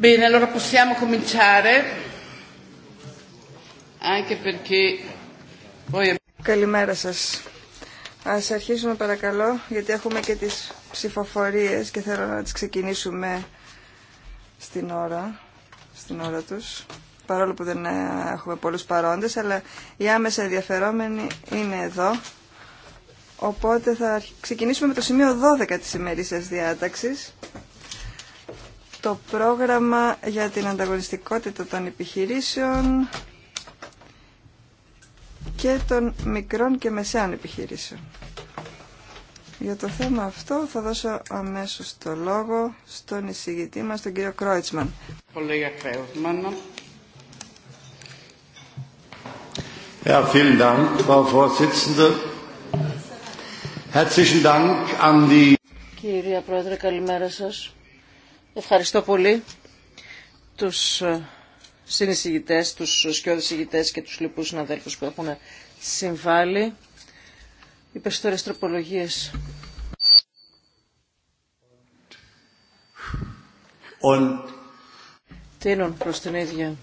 Bene, allora possiamo cominciare. Anche perché Καλημέρα σας. Ας αρχίσουμε παρακαλώ, γιατί έχουμε και τις ψηφοφορίες και θέλω να τις ξεκινήσουμε στην ώρα, στην ώρα τους. Παρόλο που δεν έχουμε πολλούς παρόντες, αλλά οι άμεσα ενδιαφερόμενοι είναι εδώ. Οπότε θα ξεκινήσουμε με το σημείο 12 της ημερήσιας διάταξης το πρόγραμμα για την ανταγωνιστικότητα των επιχειρήσεων και των μικρών και μεσαίων επιχειρήσεων. Για το θέμα αυτό θα δώσω αμέσως το λόγο στον εισηγητή μας, τον κύριο Κρόιτσμαν. Ja, vielen Κύριε Πρόεδρε, καλημέρα σας. Ευχαριστώ πολύ τους ε, συνεισηγητές, τους σκιώδησηγητές και τους λοιπούς συναδέλφους που έχουν συμβάλει. Οι περισσότερες τροπολογίες. On... Τίνουν προς την ίδια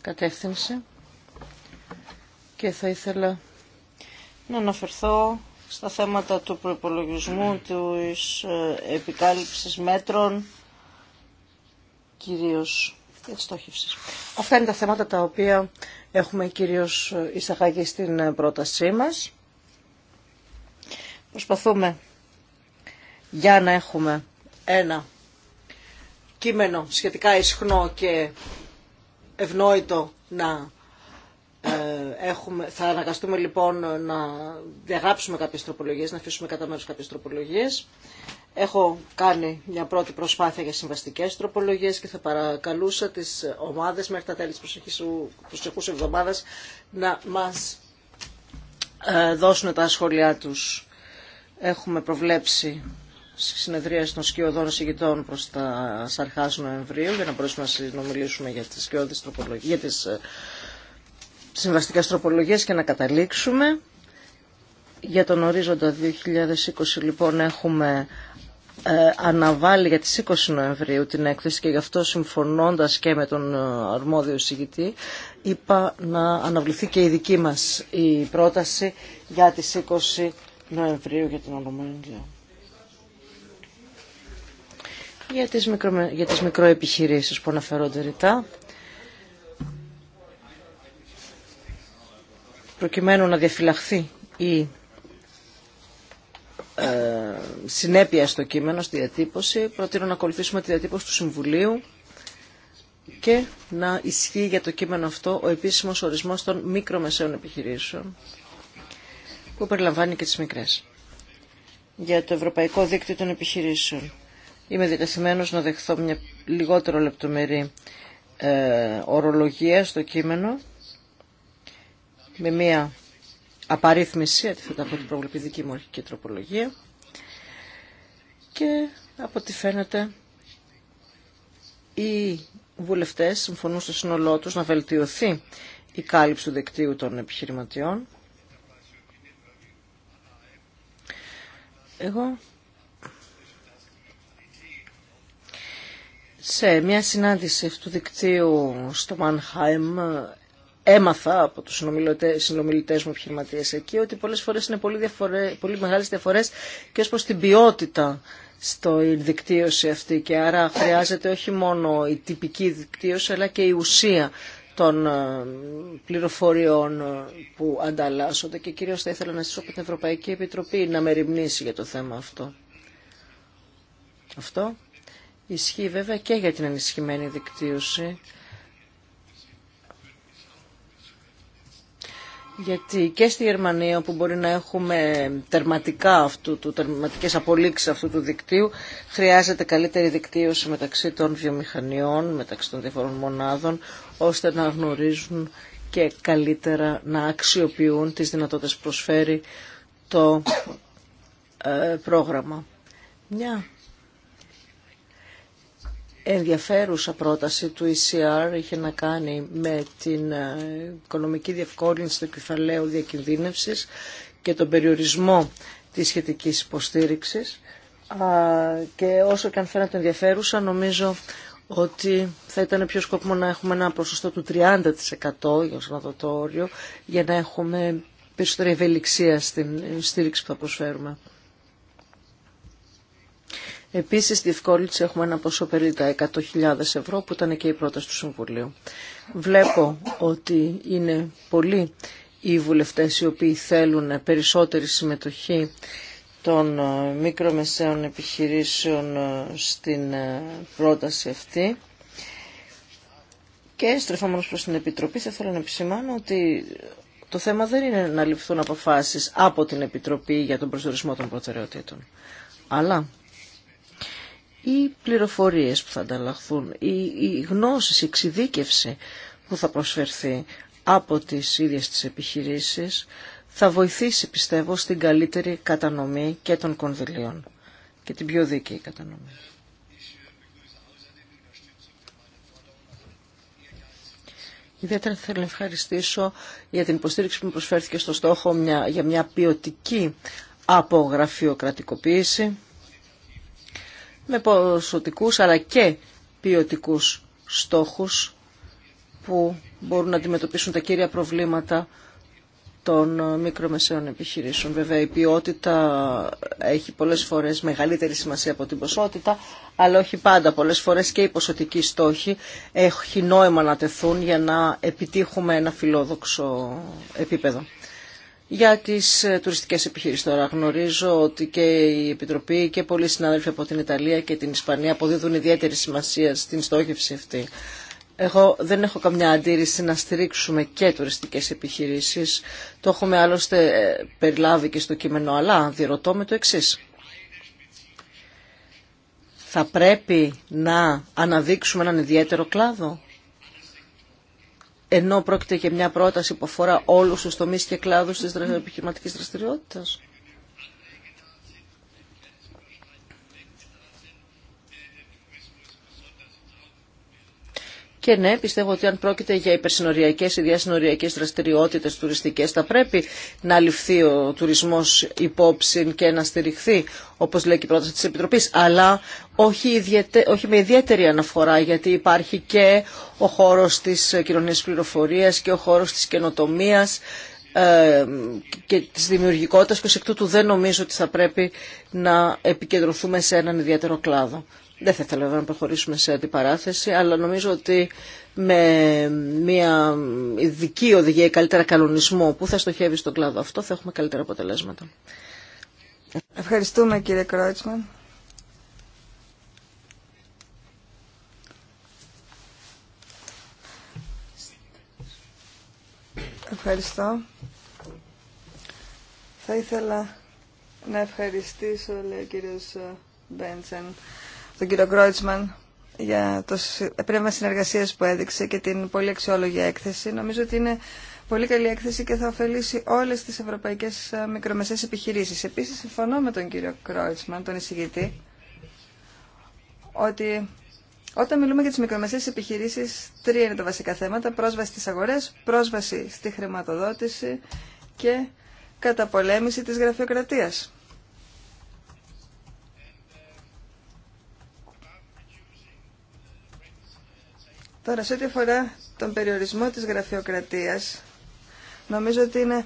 κατεύθυνση και θα ήθελα να αναφερθώ στα θέματα του προπολογισμού, της ε, επικάλυψης μέτρων, κυρίως και Αυτά είναι τα θέματα τα οποία έχουμε κυρίως ε, εισαγάγει στην ε, πρότασή μας. Προσπαθούμε για να έχουμε ένα κείμενο σχετικά ισχνό και ευνόητο να ε, έχουμε, θα αναγκαστούμε λοιπόν να διαγράψουμε κάποιες τροπολογίες, να αφήσουμε κατά μέρος κάποιες τροπολογίες. Έχω κάνει μια πρώτη προσπάθεια για συμβαστικές τροπολογίες και θα παρακαλούσα τις ομάδες μέχρι τα τέλη της προσεχούς εβδομάδας να μας ε, δώσουν τα σχόλιά τους. Έχουμε προβλέψει συνεδρία των σκιωδών συγκητών προς τα σαρχάς Νοεμβρίου για να μπορέσουμε να συνομιλήσουμε για τις, σκιώδεις, ε, συμβαστικές τροπολογίες και να καταλήξουμε. Για τον ορίζοντα 2020 λοιπόν έχουμε ε, αναβάλει για τις 20 Νοεμβρίου την έκθεση και γι' αυτό συμφωνώντας και με τον ε, αρμόδιο συγητή είπα να αναβληθεί και η δική μας η πρόταση για τις 20 Νοεμβρίου για την Ολομέλεια. Για τις, μικρο, για τις μικροεπιχειρήσεις που αναφέρονται ρητά προκειμένου να διαφυλαχθεί η ε, συνέπεια στο κείμενο, στη διατύπωση. Προτείνω να ακολουθήσουμε τη διατύπωση του Συμβουλίου και να ισχύει για το κείμενο αυτό ο επίσημος ορισμός των μικρομεσαίων επιχειρήσεων που περιλαμβάνει και τις μικρές. Για το Ευρωπαϊκό Δίκτυο των Επιχειρήσεων. Είμαι διτεθειμένος να δεχθώ μια λιγότερο λεπτομερή ε, ορολογία στο κείμενο με μία απαρίθμηση, αντιθέτω από την προβλεπή μου αρχική τροπολογία και από ό,τι φαίνεται οι βουλευτές συμφωνούν στο σύνολό τους να βελτιωθεί η κάλυψη του δικτύου των επιχειρηματιών. Εγώ σε μια συνάντηση του δικτύου στο Μανχάιμ έμαθα από τους συνομιλητές μου επιχειρηματίε εκεί ότι πολλές φορές είναι πολύ, διαφορε... πολύ μεγάλες διαφορές και ως προς την ποιότητα στο δικτύωση αυτή και άρα χρειάζεται όχι μόνο η τυπική δικτύωση αλλά και η ουσία των ε, πληροφοριών ε, που ανταλλάσσονται και κυρίως θα ήθελα να ζητήσω από την Ευρωπαϊκή Επιτροπή να μεριμνήσει για το θέμα αυτό. Αυτό ισχύει βέβαια και για την ενισχυμένη δικτύωση Γιατί και στη Γερμανία όπου μπορεί να έχουμε τερματικά αυτού του, τερματικές απολύξεις αυτού του δικτύου χρειάζεται καλύτερη δικτύωση μεταξύ των βιομηχανιών, μεταξύ των διαφορών μονάδων ώστε να γνωρίζουν και καλύτερα να αξιοποιούν τις δυνατότητες που προσφέρει το ε, πρόγραμμα. Μια ενδιαφέρουσα πρόταση του ECR είχε να κάνει με την ε, οικονομική διευκόλυνση του κεφαλαίου διακινδύνευσης και τον περιορισμό της σχετικής υποστήριξης και όσο και αν φαίνεται ενδιαφέρουσα νομίζω ότι θα ήταν πιο σκόπιμο να έχουμε ένα ποσοστό του 30% για να το όριο για να έχουμε περισσότερη ευελιξία στην ε, στήριξη που θα προσφέρουμε. Επίσης, διευκόλυνση έχουμε ένα ποσό περί τα 100.000 ευρώ που ήταν και η πρόταση του Συμβουλίου. Βλέπω ότι είναι πολλοί οι βουλευτέ οι οποίοι θέλουν περισσότερη συμμετοχή των ε, μικρομεσαίων επιχειρήσεων ε, στην ε, πρόταση αυτή. Και στρεφόμενος προς την Επιτροπή θα ήθελα να επισημάνω ότι το θέμα δεν είναι να ληφθούν αποφάσεις από την Επιτροπή για τον προσδορισμό των προτεραιοτήτων. Αλλά η πληροφορίες που θα ανταλλαχθούν, η, η γνώση, η εξειδίκευση που θα προσφερθεί από τις ίδιες τις επιχειρήσεις θα βοηθήσει πιστεύω στην καλύτερη κατανομή και των κονδυλίων και την πιο δίκαιη κατανομή. Ιδιαίτερα θέλω να ευχαριστήσω για την υποστήριξη που μου προσφέρθηκε στο στόχο μια, για μια ποιοτική απογραφειοκρατικοποίηση με ποσοτικούς αλλά και ποιοτικούς στόχους που μπορούν να αντιμετωπίσουν τα κύρια προβλήματα των μικρομεσαίων επιχειρήσεων. Βέβαια η ποιότητα έχει πολλές φορές μεγαλύτερη σημασία από την ποσότητα, αλλά όχι πάντα. Πολλές φορές και οι ποσοτικοί στόχοι έχουν νόημα να τεθούν για να επιτύχουμε ένα φιλόδοξο επίπεδο. Για τις ε, τουριστικές επιχειρήσεις τώρα γνωρίζω ότι και η Επιτροπή και πολλοί συνάδελφοι από την Ιταλία και την Ισπανία αποδίδουν ιδιαίτερη σημασία στην στόχευση αυτή. Εγώ δεν έχω καμιά αντίρρηση να στηρίξουμε και τουριστικές επιχειρήσεις. Το έχουμε άλλωστε ε, περιλάβει και στο κείμενο, αλλά διερωτώ με το εξή. Θα πρέπει να αναδείξουμε έναν ιδιαίτερο κλάδο ενώ πρόκειται για μια πρόταση που αφορά όλους τους τομείς και κλάδους της επιχειρηματικής δραστηριότητας. Και ναι, πιστεύω ότι αν πρόκειται για υπερσυνοριακέ ή διασυνοριακέ δραστηριότητε τουριστικέ, θα πρέπει να ληφθεί ο τουρισμό υπόψη και να στηριχθεί, όπω λέει και η πρόταση τη Επιτροπή. Αλλά όχι, όχι με ιδιαίτερη αναφορά, γιατί υπάρχει και ο χώρο τη κοινωνία πληροφορία και ο χώρο τη καινοτομία ε, και της δημιουργικότητας και εκ τούτου δεν νομίζω ότι θα πρέπει να επικεντρωθούμε σε έναν ιδιαίτερο κλάδο. Δεν θα ήθελα να προχωρήσουμε σε αντιπαράθεση, αλλά νομίζω ότι με μια ειδική οδηγία ή καλύτερα κανονισμό που θα στοχεύει στον κλάδο αυτό θα έχουμε καλύτερα αποτελέσματα. Ευχαριστούμε κύριε Κρότσμαν. Ευχαριστώ. Θα ήθελα να ευχαριστήσω, λέει ο κύριος Μπέντσεν, τον κύριο Κρόιτσμαν για το πνεύμα συνεργασία που έδειξε και την πολύ αξιόλογη έκθεση. Νομίζω ότι είναι πολύ καλή έκθεση και θα ωφελήσει όλε τι ευρωπαϊκέ ε, μικρομεσαίε επιχειρήσει. Επίση, συμφωνώ με τον κύριο Κρόιτσμαν, τον εισηγητή, ότι όταν μιλούμε για τι μικρομεσαίε επιχειρήσει, τρία είναι τα βασικά θέματα. Πρόσβαση στι αγορέ, πρόσβαση στη χρηματοδότηση και καταπολέμηση της γραφειοκρατίας. Τώρα, σε ό,τι αφορά τον περιορισμό της γραφειοκρατίας, νομίζω ότι είναι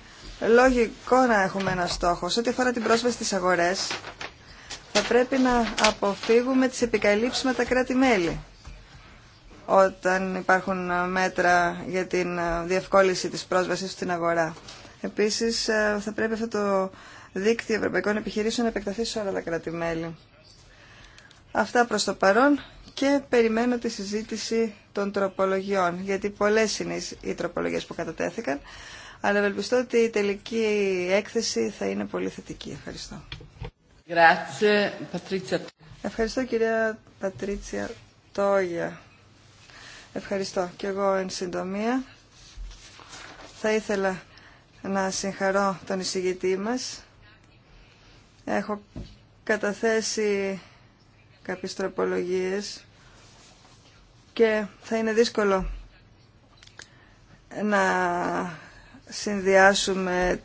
λογικό να έχουμε ένα στόχο. Σε ό,τι αφορά την πρόσβαση στις αγορές, θα πρέπει να αποφύγουμε τις επικαλύψεις με τα κράτη-μέλη όταν υπάρχουν μέτρα για την διευκόλυνση της πρόσβασης στην αγορά. Επίσης, ε, θα πρέπει αυτό το δίκτυο ευρωπαϊκών επιχειρήσεων να επεκταθεί σε όλα τα κράτη-μέλη. Αυτά προς το παρόν και περιμένω τη συζήτηση των τροπολογιών, γιατί πολλές είναι οι τροπολογίες που κατατέθηκαν, αλλά ευελπιστώ ότι η τελική έκθεση θα είναι πολύ θετική. Ευχαριστώ. Ευχαριστώ κυρία Πατρίτσια Τόγια. Ευχαριστώ και εγώ εν συντομία. Θα ήθελα να συγχαρώ τον εισηγητή μας. Έχω καταθέσει κάποιες τροπολογίες και θα είναι δύσκολο να συνδυάσουμε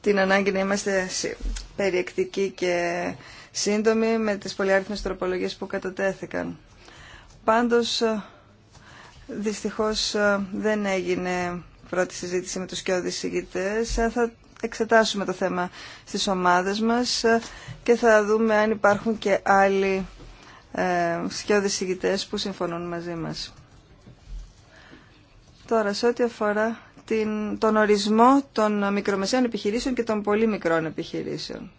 την ανάγκη να είμαστε περιεκτικοί και σύντομοι με τις πολυάριθμες τροπολογίες που κατατέθηκαν. Πάντως, δυστυχώς δεν έγινε πρώτη συζήτηση με τους κοιόδης συγκητές. Ε, θα εξετάσουμε το θέμα στις ομάδες μας ε, και θα δούμε αν υπάρχουν και άλλοι ε, σκιώδεις που συμφωνούν μαζί μας. Τώρα, σε ό,τι αφορά την, τον ορισμό των μικρομεσαίων επιχειρήσεων και των πολύ μικρών επιχειρήσεων.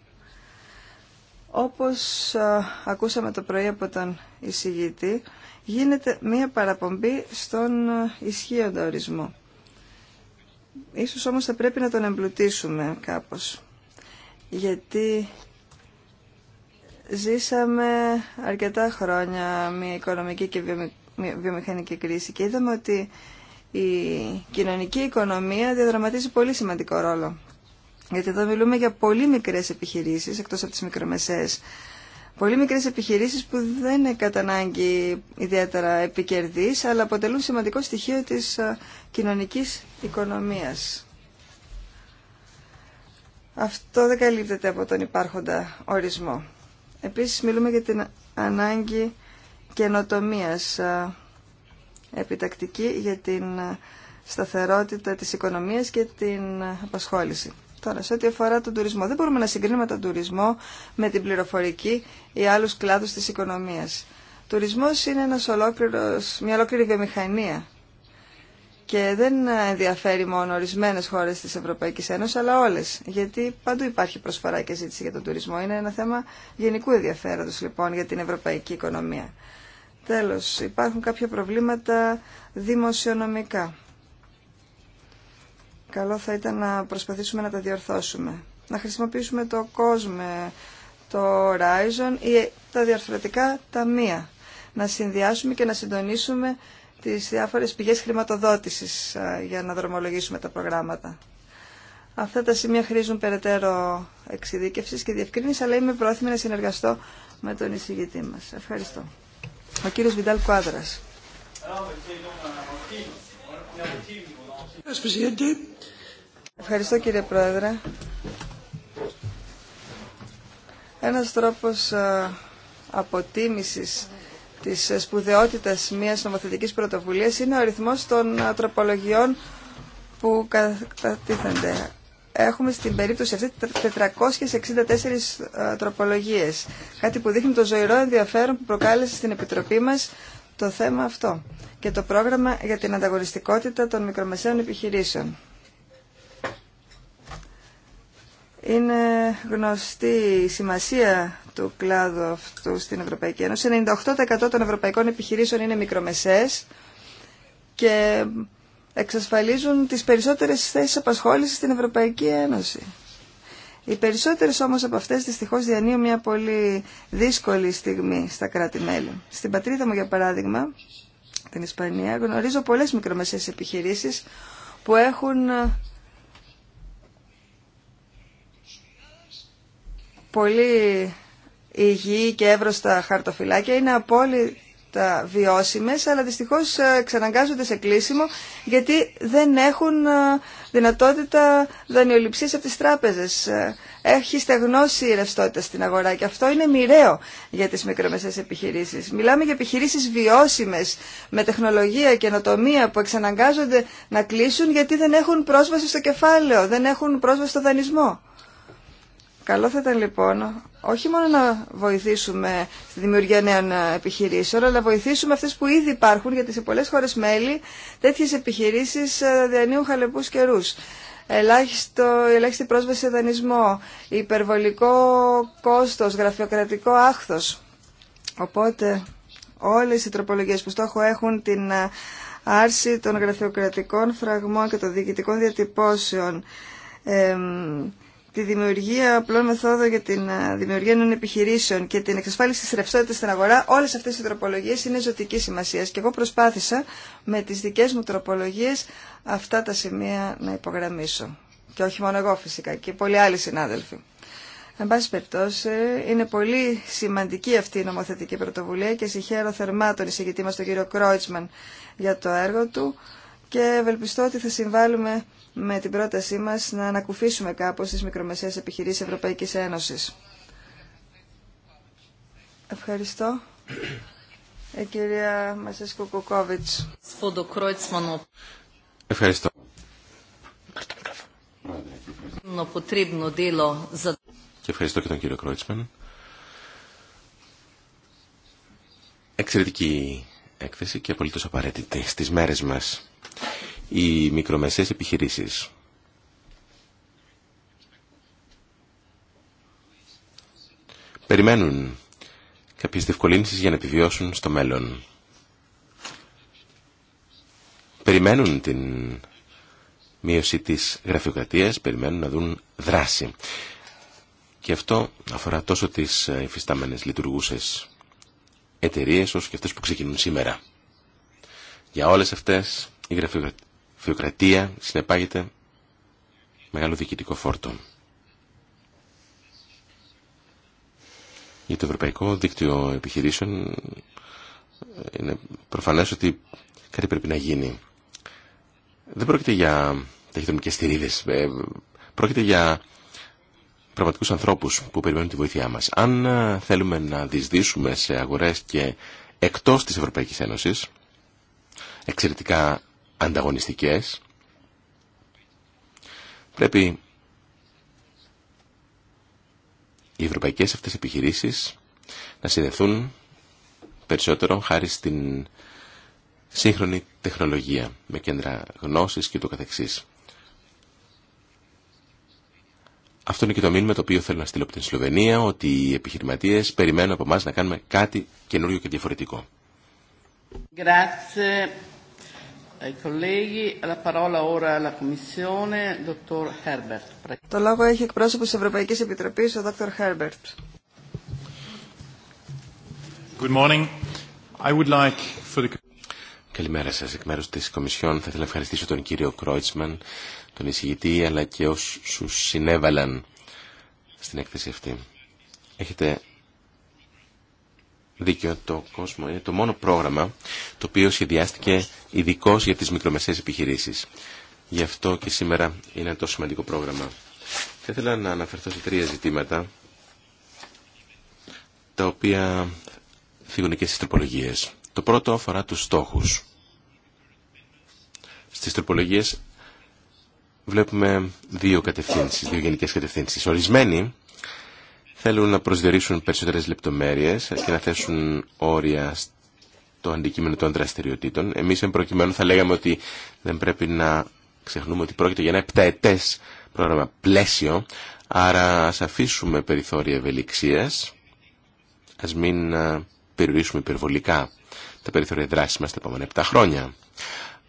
Όπως ε, ακούσαμε το πρωί από τον εισηγητή, γίνεται μία παραπομπή στον ε, ισχύοντα ορισμό. Ίσως όμως θα πρέπει να τον εμπλουτίσουμε κάπως. Γιατί Ζήσαμε αρκετά χρόνια μια οικονομική και βιομηχανική κρίση και είδαμε ότι η κοινωνική οικονομία διαδραματίζει πολύ σημαντικό ρόλο. Γιατί εδώ μιλούμε για πολύ μικρές επιχειρήσεις, εκτός από τις μικρομεσαίες. Πολύ μικρές επιχειρήσεις που δεν είναι κατά ανάγκη ιδιαίτερα επικερδείς, αλλά αποτελούν σημαντικό στοιχείο της ε, κοινωνικής οικονομίας. Αυτό δεν καλύπτεται από τον υπάρχοντα ορισμό. Επίσης μιλούμε για την ανάγκη καινοτομίας ε, επιτακτική για την ε, σταθερότητα της οικονομίας και την ε, απασχόληση. Τώρα, σε ό,τι αφορά τον τουρισμό, δεν μπορούμε να συγκρίνουμε τον τουρισμό με την πληροφορική ή άλλους κλάδους της οικονομίας. Τουρισμός είναι ένας ολόκληρος, μια ολόκληρη βιομηχανία και δεν ενδιαφέρει μόνο ορισμένες χώρες της Ευρωπαϊκής Ένωσης, αλλά όλες, γιατί παντού υπάρχει προσφορά και ζήτηση για τον τουρισμό. Είναι ένα θέμα γενικού ενδιαφέροντος, λοιπόν, για την ευρωπαϊκή οικονομία. Τέλος, υπάρχουν κάποια προβλήματα δημοσιονομικά. Καλό θα ήταν να προσπαθήσουμε να τα διορθώσουμε. Να χρησιμοποιήσουμε το κόσμο, το Horizon ή τα διαρθρωτικά ταμεία. Να συνδυάσουμε και να συντονίσουμε τις διάφορες πηγές χρηματοδότησης ε, για να δρομολογήσουμε τα προγράμματα. Αυτά τα σημεία χρήζουν περαιτέρω εξειδίκευση και διευκρίνηση, αλλά είμαι πρόθυμη να συνεργαστώ με τον εισηγητή μας. Ευχαριστώ. Ο κύριος Βιντάλ Κουάδρας. Ευχαριστώ κύριε Πρόεδρε. Ένας τρόπος ε, αποτίμησης της σπουδαιότητας μιας νομοθετικής πρωτοβουλίας είναι ο αριθμός των ε, τροπολογιών που κατατίθενται. Έχουμε στην περίπτωση αυτή 464 ε, τροπολογίες, κάτι που δείχνει το ζωηρό ενδιαφέρον που προκάλεσε στην Επιτροπή μας το θέμα αυτό και το πρόγραμμα για την ανταγωνιστικότητα των μικρομεσαίων επιχειρήσεων. Είναι γνωστή η σημασία του κλάδου αυτού στην Ευρωπαϊκή Ένωση. 98% των ευρωπαϊκών επιχειρήσεων είναι μικρομεσαίες και εξασφαλίζουν τις περισσότερες θέσεις απασχόλησης στην Ευρωπαϊκή Ένωση. Οι περισσότερες όμως από αυτές δυστυχώς διανύουν μια πολύ δύσκολη στιγμή στα κράτη-μέλη. Στην πατρίδα μου για παράδειγμα, την Ισπανία, γνωρίζω πολλές μικρομεσαίες επιχειρήσεις που έχουν ε, πολύ υγιή και εύρωστα χαρτοφυλάκια είναι απόλυτα βιώσιμες, αλλά δυστυχώς ε, ξαναγκάζονται σε κλείσιμο γιατί δεν έχουν ε, δυνατότητα δανειοληψίας από τις τράπεζες. Ε, έχει στεγνώσει η ρευστότητα στην αγορά και αυτό είναι μοιραίο για τις μικρομεσαίες επιχειρήσεις. Μιλάμε για επιχειρήσεις βιώσιμες με τεχνολογία και ενοτομία που εξαναγκάζονται να κλείσουν γιατί δεν έχουν πρόσβαση στο κεφάλαιο, δεν έχουν πρόσβαση στο δανεισμό. Καλό θα ήταν λοιπόν όχι μόνο να βοηθήσουμε στη δημιουργία νέων επιχειρήσεων, αλλά να βοηθήσουμε αυτές που ήδη υπάρχουν, γιατί σε πολλές χώρες μέλη τέτοιες επιχειρήσεις ε, διανύουν χαλεπούς καιρούς. Ελάχιστο, ελάχιστη πρόσβαση σε δανεισμό, υπερβολικό κόστος, γραφειοκρατικό άχθος. Οπότε όλες οι τροπολογίες που στόχο έχουν την ε, άρση των γραφειοκρατικών φραγμών και των διοικητικών διατυπώσεων, τη δημιουργία απλών μεθόδων για τη ε, δημιουργία νέων επιχειρήσεων και την εξασφάλιση τη ρευστότητα στην αγορά, όλε αυτέ οι τροπολογίε είναι ζωτική σημασία. Και εγώ προσπάθησα με τι δικέ μου τροπολογίε αυτά τα σημεία να υπογραμμίσω. Και όχι μόνο εγώ φυσικά, και πολλοί άλλοι συνάδελφοι. Εν πάση περιπτώσει, είναι πολύ σημαντική αυτή η νομοθετική πρωτοβουλία και συγχαίρω θερμά τον εισηγητή μα τον κύριο Κρόιτσμαν για το έργο του και ευελπιστώ ότι θα συμβάλλουμε με την πρότασή μας να ανακουφίσουμε κάπως τις μικρομεσαίες επιχειρήσεις Ευρωπαϊκής Ένωσης. Ευχαριστώ. Ε, κυρία Μασέσκου Κουκόβιτς. Ευχαριστώ. Και ευχαριστώ και τον κύριο Κρότσμαν. Εξαιρετική έκθεση και απολύτως απαραίτητη στις μέρες μας οι μικρομεσαίες επιχειρήσεις. Περιμένουν κάποιες διευκολύνσεις για να επιβιώσουν στο μέλλον. Περιμένουν την μείωση της γραφειοκρατίας, περιμένουν να δουν δράση. Και αυτό αφορά τόσο τις ε, υφιστάμενες λειτουργούσες εταιρείε όσο και αυτές που ξεκινούν σήμερα. Για όλες αυτές η Θεοκρατία συνεπάγεται μεγάλο διοικητικό φόρτο. Για το Ευρωπαϊκό Δίκτυο Επιχειρήσεων είναι προφανές ότι κάτι πρέπει να γίνει. Δεν πρόκειται για ταχυδρομικές στηρίδες. Ε, πρόκειται για πραγματικούς ανθρώπους που περιμένουν τη βοήθειά μας. Αν ε, θέλουμε να διεισδύσουμε σε αγορές και εκτός της Ευρωπαϊκής Ένωσης, εξαιρετικά ανταγωνιστικές. Πρέπει οι ευρωπαϊκές αυτές επιχειρήσεις να συνδεθούν περισσότερο χάρη στην σύγχρονη τεχνολογία με κέντρα γνώσης και το καθεξής. Αυτό είναι και το μήνυμα το οποίο θέλω να στείλω από την Σλοβενία, ότι οι επιχειρηματίες περιμένουν από εμά να κάνουμε κάτι καινούριο και διαφορετικό. Το λόγο έχει εκπρόσωπο τη Ευρωπαϊκή Επιτροπή, ο Δ. Χέρμπερτ. Καλημέρα σα. Εκ μέρου τη Κομισιόν θα ήθελα να ευχαριστήσω τον κύριο Κρόιτσμαν, τον εισηγητή, αλλά και όσου συνέβαλαν στην έκθεση αυτή. Έχετε δίκαιο το κόσμο είναι το μόνο πρόγραμμα το οποίο σχεδιάστηκε ειδικώ για τις μικρομεσαίες επιχειρήσεις. Γι' αυτό και σήμερα είναι ένα τόσο σημαντικό πρόγραμμα. Θα ήθελα να αναφερθώ σε τρία ζητήματα τα οποία φύγουν και στις τροπολογίες. Το πρώτο αφορά τους στόχους. Στις τροπολογίες βλέπουμε δύο κατευθύνσεις, δύο γενικές κατευθύνσεις. Ορισμένοι θέλουν να προσδιορίσουν περισσότερες λεπτομέρειες και να θέσουν όρια στο αντικείμενο των δραστηριοτήτων. Εμείς εν προκειμένου θα λέγαμε ότι δεν πρέπει να ξεχνούμε ότι πρόκειται για ένα επταετές πρόγραμμα πλαίσιο, άρα ας αφήσουμε περιθώρια ευελιξίας, ας μην περιορίσουμε υπερβολικά τα περιθώρια δράση μας τα επόμενα 7 χρόνια.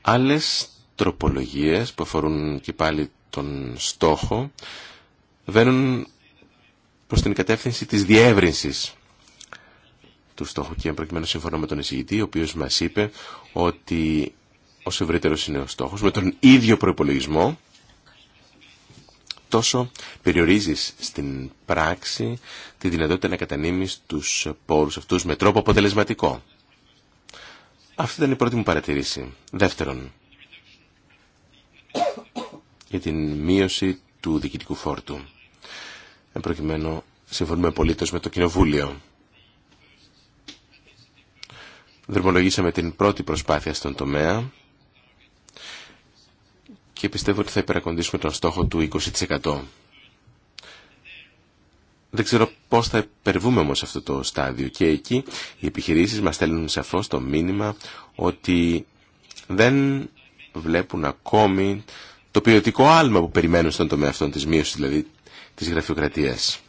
Άλλες τροπολογίες που αφορούν και πάλι τον στόχο βαίνουν προς την κατεύθυνση της διεύρυνσης του στόχου και προκειμένου συμφωνώ με τον εισηγητή ο οποίος μας είπε ότι όσο ευρύτερο είναι ο στόχος με τον ίδιο προπολογισμό τόσο περιορίζεις στην πράξη τη δυνατότητα να κατανείμεις τους πόρους αυτούς με τρόπο αποτελεσματικό. Αυτή ήταν η πρώτη μου παρατηρήση. Δεύτερον, για την μείωση του διοικητικού φόρτου. Εν προκειμένου, συμφωνούμε απολύτω με το Κοινοβούλιο. Δρομολογήσαμε την πρώτη προσπάθεια στον τομέα και πιστεύω ότι θα υπερακοντήσουμε τον στόχο του 20%. Δεν ξέρω πώς θα υπερβούμε όμως αυτό το στάδιο και εκεί οι επιχειρήσεις μας στέλνουν σαφώς το μήνυμα ότι δεν βλέπουν ακόμη το ποιοτικό άλμα που περιμένουν στον τομέα αυτών της μείωσης, δηλαδή της γραφειοκρατίας.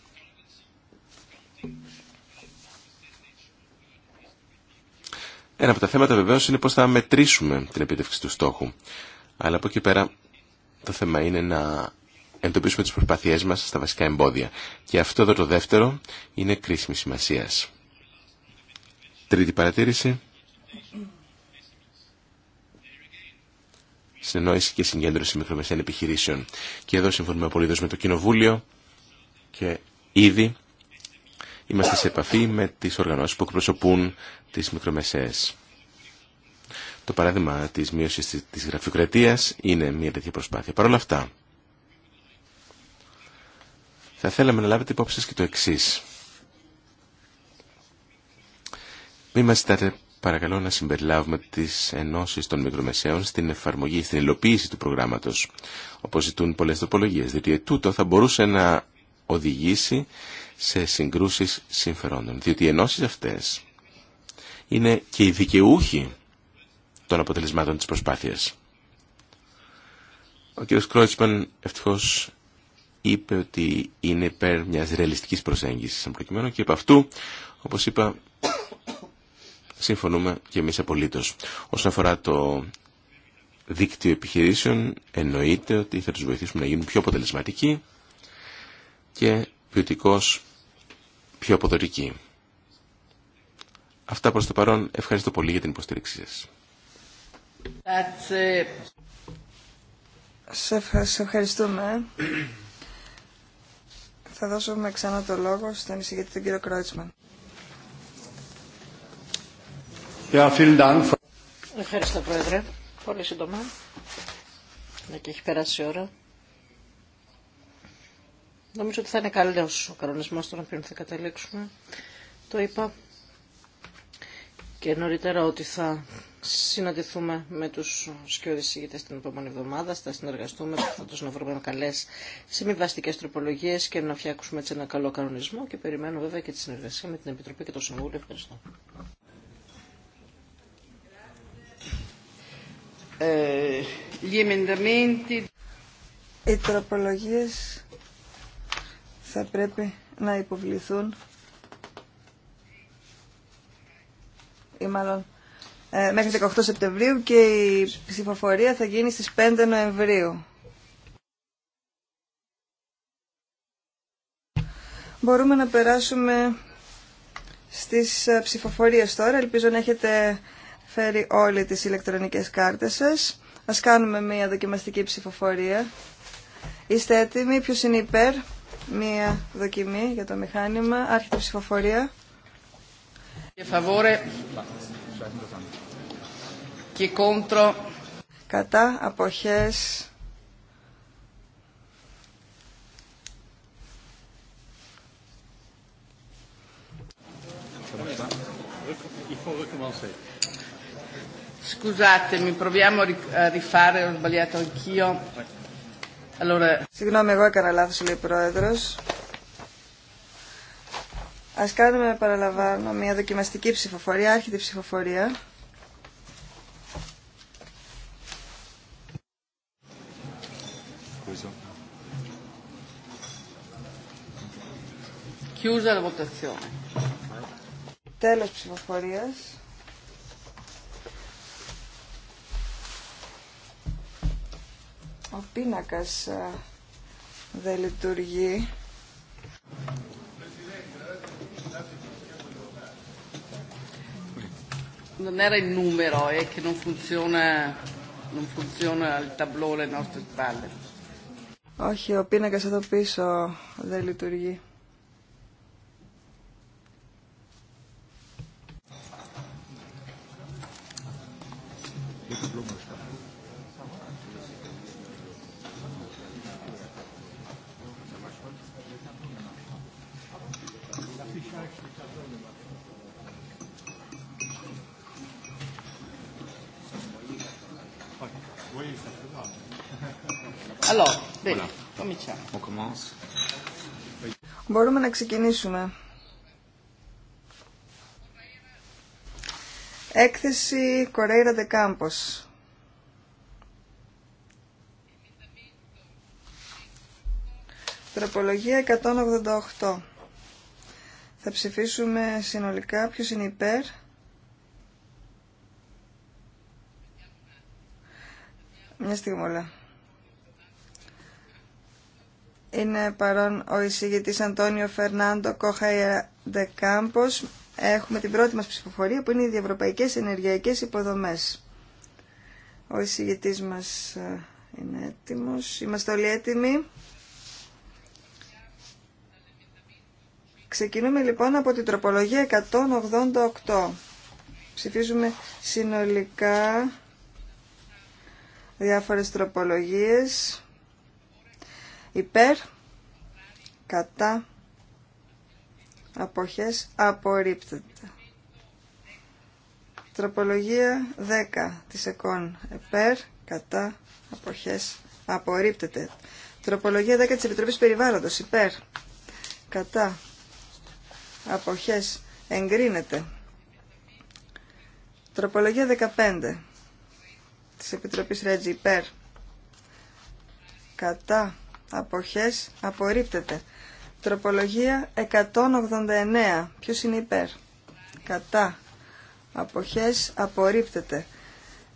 Ένα από τα θέματα βεβαίω είναι πώς θα μετρήσουμε την επίτευξη του στόχου. Αλλά από εκεί πέρα το θέμα είναι να εντοπίσουμε τις προσπάθειές μας στα βασικά εμπόδια. Και αυτό εδώ το δεύτερο είναι κρίσιμη σημασίας. Τρίτη παρατήρηση. συνεννόηση και συγκέντρωση μικρομεσαίων επιχειρήσεων. Και εδώ συμφωνούμε απολύτως με το Κοινοβούλιο και ήδη είμαστε σε επαφή με τι οργανώσει που εκπροσωπούν τι μικρομεσαίες. Το παράδειγμα τη μείωση τη γραφειοκρατίας είναι μια τέτοια προσπάθεια. Παρ' όλα αυτά, θα θέλαμε να λάβετε υπόψη σας και το εξή. Μην μας παρακαλώ να συμπεριλάβουμε τις ενώσεις των μικρομεσαίων στην εφαρμογή, στην υλοποίηση του προγράμματος, όπως ζητούν πολλές τοπολογίες... διότι τούτο θα μπορούσε να οδηγήσει σε συγκρούσεις συμφερόντων, διότι οι ενώσεις αυτές είναι και οι δικαιούχοι των αποτελεσμάτων της προσπάθειας. Ο κ. Κρότσμαν ευτυχώς είπε ότι είναι υπέρ μιας ρεαλιστικής προσέγγισης, προκειμένου και από αυτού, όπως είπα, συμφωνούμε και εμείς απολύτως. Όσον αφορά το δίκτυο επιχειρήσεων, εννοείται ότι θα τους βοηθήσουμε να γίνουν πιο αποτελεσματικοί και ποιοτικώς πιο αποδοτικοί. Αυτά προς το παρόν. Ευχαριστώ πολύ για την υποστήριξή σας. Σε ευχαριστούμε. Θα δώσουμε ξανά το λόγο στον εισηγητή τον κύριο Κρότσμαν. Ευχαριστώ, Πρόεδρε. Πολύ σύντομα. Ναι, και έχει περάσει η ώρα. Νομίζω ότι θα είναι καλό ο κανονισμό στον οποίο θα καταλήξουμε. Το είπα και νωρίτερα ότι θα συναντηθούμε με του σκιώδει ηγητέ την επόμενη εβδομάδα, θα συνεργαστούμε, θα του να βρούμε καλέ συμβιβαστικέ τροπολογίε και να φτιάξουμε έτσι ένα καλό κανονισμό και περιμένω βέβαια και τη συνεργασία με την Επιτροπή και το Συμβούλιο. Ευχαριστώ. gli ε, emendamenti. Οι τροπολογίες θα πρέπει να υποβληθούν ή μάλλον ε, μέχρι 18 Σεπτεμβρίου και η ψηφοφορία θα γίνει στις 5 Νοεμβρίου. Μπορούμε να περάσουμε στις ε, ψηφοφορίες τώρα. Ελπίζω να έχετε φέρει όλοι τις ηλεκτρονικές κάρτες σας. Ας κάνουμε μία δοκιμαστική ψηφοφορία. Είστε έτοιμοι, ποιος είναι υπέρ, μία δοκιμή για το μηχάνημα, άρχεται η ψηφοφορία. Και και κόντρο. Κατά, αποχές. Scusatemi, proviamo a rifare, ho sbagliato anch'io. Allora... Συγγνώμη, εγώ έκανα λάθος, λέει ο Πρόεδρος. Ας κάνουμε, παραλαμβάνω, μια δοκιμαστική ψηφοφορία, άρχιτη ψηφοφορία. Chiusa la votazione. Τέλος ψηφοφορίας. Ο πίνακας δεν λειτουργεί. Non era il numero, è che non funziona, non funziona il tableau alle nostre spalle. Όχι, ο πίνακας εδώ πίσω δεν λειτουργεί. Μπορούμε να ξεκινήσουμε. Έκθεση Κορέιρα Campos. Τροπολογία 188. Θα ψηφίσουμε συνολικά ποιος είναι υπέρ. Μια στιγμή όλα. Είναι παρόν ο εισηγητής Αντώνιο Φερνάντο κοχαίρα Κοχαϊα-Δεκάμπος. Έχουμε την πρώτη μας ψηφοφορία που είναι οι διευρωπαϊκές ενεργειακές υποδομές. Ο εισηγητής μας ε, είναι έτοιμος. Είμαστε όλοι έτοιμοι. Ξεκινούμε λοιπόν από την τροπολογία 188. Ψηφίζουμε συνολικά διάφορες τροπολογίες υπέρ, κατά, αποχές, απορρίπτεται. Τροπολογία 10 της ΕΚΟΝ, υπέρ, κατά, αποχές, απορρίπτεται. Τροπολογία 10 της Επιτροπής Περιβάλλοντος, υπέρ, κατά, αποχές, εγκρίνεται. Τροπολογία 15 της Επιτροπής Ρέτζι. υπέρ κατά αποχές απορρίπτεται. Τροπολογία 189. Ποιος είναι υπέρ. Κατά. Αποχές απορρίπτεται.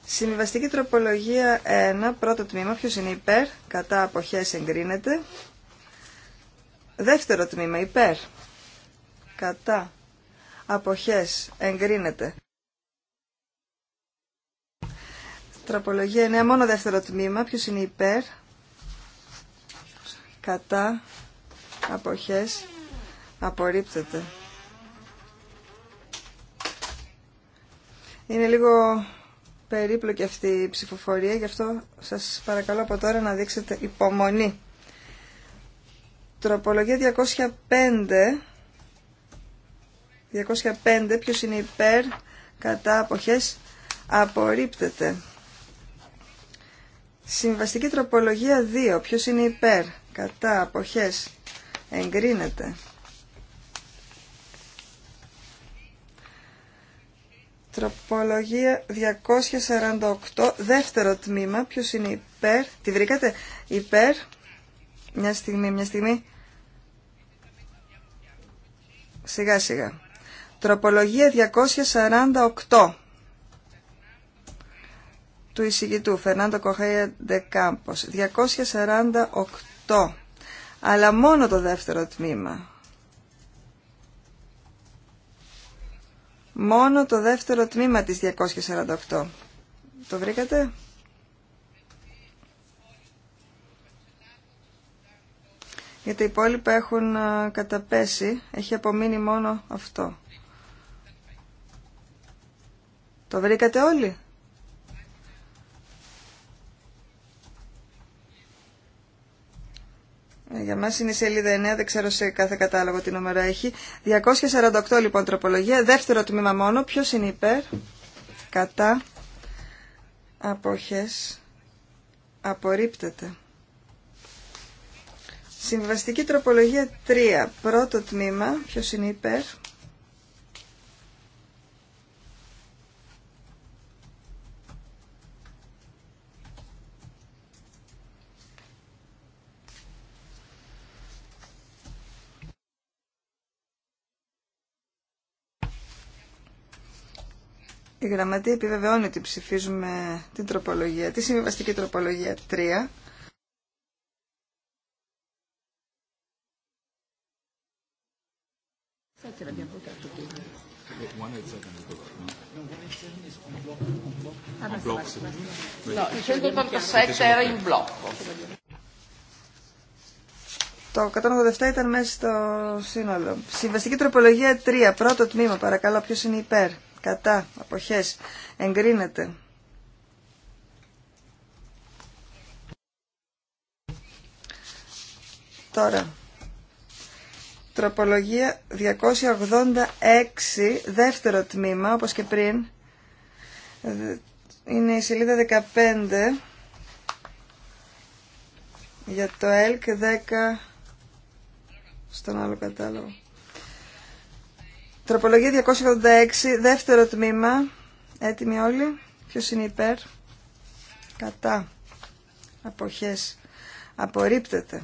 Συμβιβαστική τροπολογία 1. Πρώτο τμήμα. Ποιος είναι υπέρ. Κατά αποχές εγκρίνεται. Δεύτερο τμήμα. Υπέρ. Κατά. Αποχές εγκρίνεται. Τροπολογία 9. Μόνο δεύτερο τμήμα. Ποιος είναι υπέρ κατά αποχές απορρίπτεται. Είναι λίγο περίπλοκη αυτή η ψηφοφορία, γι' αυτό σας παρακαλώ από τώρα να δείξετε υπομονή. Τροπολογία 205. 205, ποιος είναι υπέρ, κατά αποχές, απορρίπτεται. Συμβαστική τροπολογία 2, ποιος είναι υπέρ, κατά αποχές εγκρίνεται. Τροπολογία 248, δεύτερο τμήμα. Ποιος είναι υπέρ, τη βρήκατε, υπέρ. Μια στιγμή, μια στιγμή. Σιγά σιγά. Τροπολογία 248 του εισηγητού Φερνάντο Κοχέα Ντεκάμπος. 248 αυτό, αλλά μόνο το δεύτερο τμήμα. Μόνο το δεύτερο τμήμα της 248. Το βρήκατε? Γιατί οι υπόλοιπα έχουν καταπέσει. Έχει απομείνει μόνο αυτό. Το βρήκατε όλοι? Ε, για μας είναι η σελίδα 9, δεν ξέρω σε κάθε κατάλογο τι νούμερο έχει. 248 λοιπόν τροπολογία, δεύτερο τμήμα μόνο. Ποιο είναι υπέρ, κατά, αποχές, απορρίπτεται. Συμβαστική τροπολογία 3, πρώτο τμήμα, Ποιο είναι υπέρ, Η γραμματεία επιβεβαιώνει ότι ψηφίζουμε την τροπολογία, τη συμβιβαστική τροπολογία 3. Το 187 ήταν μέσα στο σύνολο. Συμβαστική τροπολογία 3, πρώτο τμήμα, παρακαλώ, ποιος είναι υπέρ κατά, αποχές, εγκρίνεται. Τώρα, τροπολογία 286, δεύτερο τμήμα, όπως και πριν, είναι η σελίδα 15 για το ΕΛΚ 10 στον άλλο κατάλογο. Τροπολογία 286, δεύτερο τμήμα. Έτοιμοι όλοι. Ποιο είναι υπέρ. Κατά. Αποχές. Απορρίπτεται.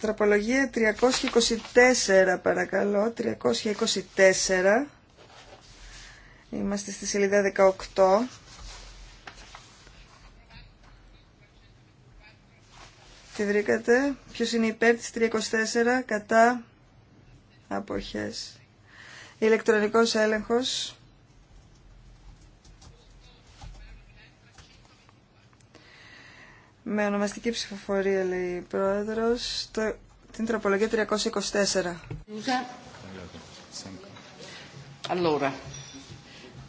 Τροπολογία 324 παρακαλώ. 324. Είμαστε στη σελίδα 18. Τη βρήκατε. Ποιος είναι υπέρ της 324 κατά αποχές. Ηλεκτρονικός έλεγχος. Με ονομαστική ψηφοφορία λέει η πρόεδρο. Το, την τροπολογία 324. Allora,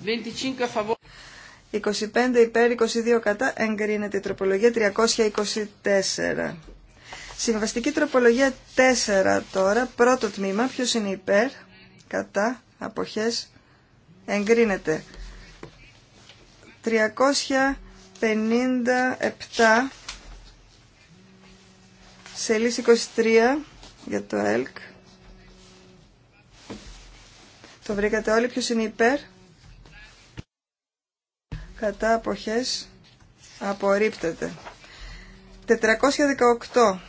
25 favore. 25 υπέρ, 22 κατά, εγκρίνεται η τροπολογία 324. Συμβαστική τροπολογία 4 τώρα, πρώτο τμήμα, ποιος είναι υπέρ, κατά, αποχές, εγκρίνεται. 357 σελίς 23 για το ΕΛΚ. Το βρήκατε όλοι, ποιος είναι υπέρ, κατά αποχές απορρίπτεται. 418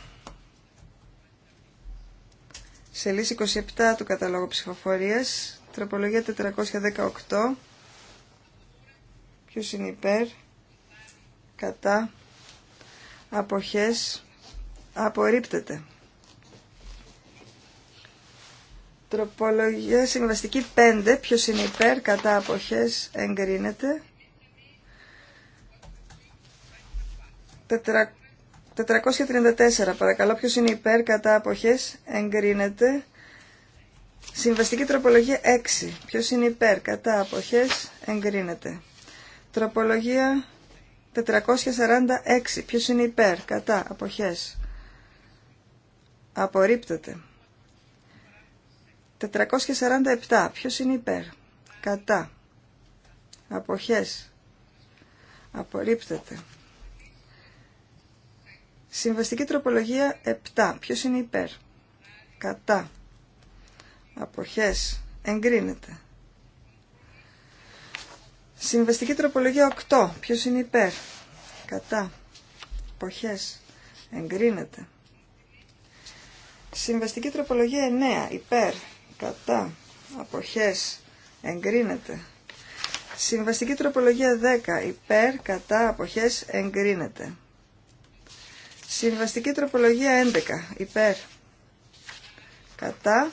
σε 27 του καταλόγου ψηφοφορίας τροπολογία 418 ποιος είναι υπέρ κατά αποχές απορρίπτεται. Τροπολογία συμβαστική 5. Ποιος είναι υπέρ, κατά αποχές, εγκρίνεται. 434 παρακαλώ ποιος είναι υπέρ κατά αποχές εγκρίνεται Συμβαστική τροπολογία 6 ποιος είναι υπέρ κατά αποχές εγκρίνεται Τροπολογία 446 ποιος είναι υπέρ κατά αποχές απορρίπτεται 447 ποιος είναι υπέρ κατά αποχές απορρίπτεται Συμβαστική τροπολογία 7. Ποιος είναι υπέρ. Κατά. Αποχές. Εγκρίνεται. Συμβαστική τροπολογία 8. Ποιος είναι υπέρ. Κατά. Αποχές. Εγκρίνεται. Συμβαστική τροπολογία 9. Υπέρ. Κατά. Αποχές. Εγκρίνεται. Συμβαστική τροπολογία 10. Υπέρ. Κατά. Αποχές. Εγκρίνεται. Συμβαστική τροπολογία 11. Υπέρ. Κατά.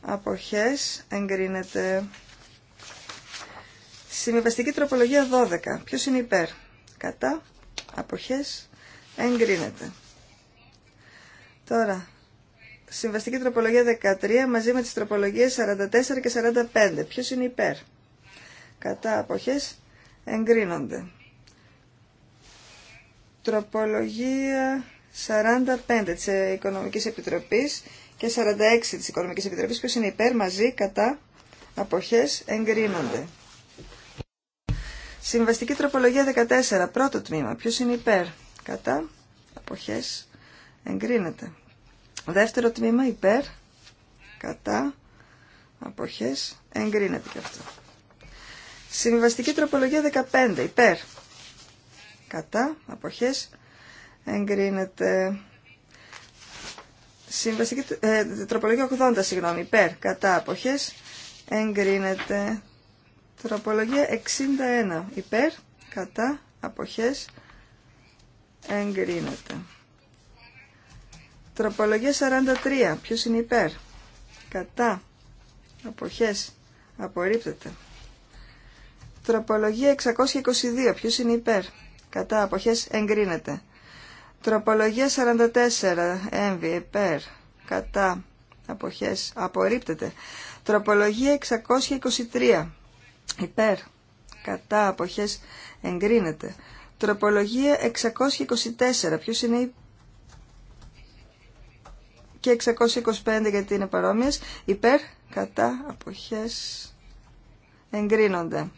Αποχές. Εγκρίνεται. Συμβαστική τροπολογία 12. Ποιος είναι υπέρ. Κατά. Αποχές. Εγκρίνεται. Τώρα. Συμβαστική τροπολογία 13 μαζί με τις τροπολογίες 44 και 45. Ποιος είναι υπέρ. Κατά. Αποχές. Εγκρίνονται. Τροπολογία 45 της Οικονομικής Επιτροπής και 46 της Οικονομικής Επιτροπής, που είναι υπέρ μαζί, κατά, αποχές, εγκρίνονται. Συμβαστική τροπολογία 14, πρώτο τμήμα, Ποιο είναι υπέρ, κατά, αποχές, εγκρίνεται. Δεύτερο τμήμα, υπέρ, κατά, αποχές, εγκρίνεται και αυτό. Συμβαστική τροπολογία 15, υπέρ, κατά, αποχές, εγκρίνεται. Συμβαστική, ε, τροπολογία 80, συγγνώμη, υπέρ, κατά, αποχές, εγκρίνεται. Τροπολογία 61, υπέρ, κατά, αποχές, εγκρίνεται. Τροπολογία 43, ποιος είναι υπέρ, κατά, αποχές, απορρίπτεται. Τροπολογία 622. Ποιος είναι υπέρ κατά αποχές εγκρίνεται. Τροπολογία 44, έμβη, Επέρ. κατά αποχές απορρίπτεται. Τροπολογία 623, υπέρ, κατά αποχές εγκρίνεται. Τροπολογία 624, ποιος είναι η και 625 γιατί είναι παρόμοιες, υπέρ, κατά, αποχές, εγκρίνονται.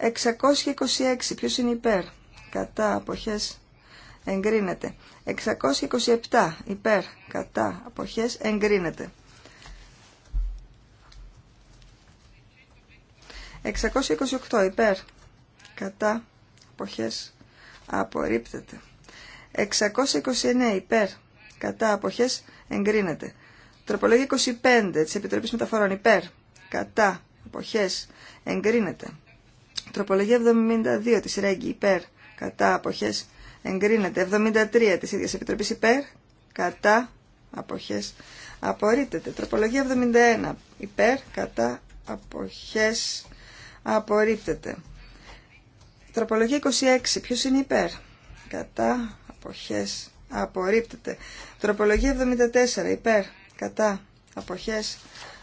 626, ποιος είναι υπέρ, κατά αποχές εγκρίνεται. 627 υπέρ κατά αποχές εγκρίνεται. 628 υπέρ κατά αποχές απορρίπτεται. 629 υπέρ κατά αποχές εγκρίνεται. Τροπολογία 25 της Επιτροπής Μεταφορών υπέρ κατά αποχές εγκρίνεται. Τροπολογία 72 της Ρέγγι υπέρ κατά αποχές εγκρίνεται. 73 της ίδιας Επιτροπής υπέρ, κατά αποχές απορρίπτεται. Τροπολογία 71 υπέρ, κατά αποχές απορρίπτεται. Τροπολογία 26, ποιος είναι υπέρ, κατά αποχές απορρίπτεται. Τροπολογία 74 υπέρ, κατά αποχές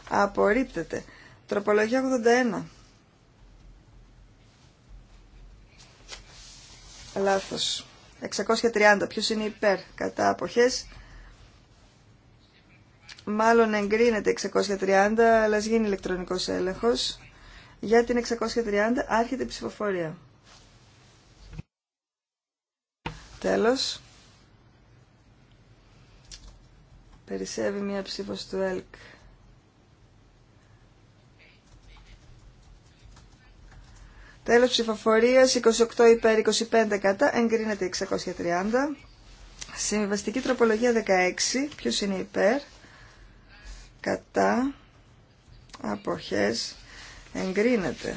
απορρίπτεται. Τροπολογία 81 λάθος. 630. Ποιος είναι υπέρ κατά αποχές. Μάλλον εγκρίνεται 630, αλλά ας γίνει ηλεκτρονικός έλεγχος. Για την 630 άρχεται η ψηφοφορία. Τέλος. Περισσεύει μία ψήφος του ΕΛΚ. Τέλος ψηφοφορίας 28 υπέρ 25 κατά εγκρίνεται 630. Συμβαστική τροπολογία 16. Ποιος είναι υπέρ. Κατά. Αποχές. Εγκρίνεται.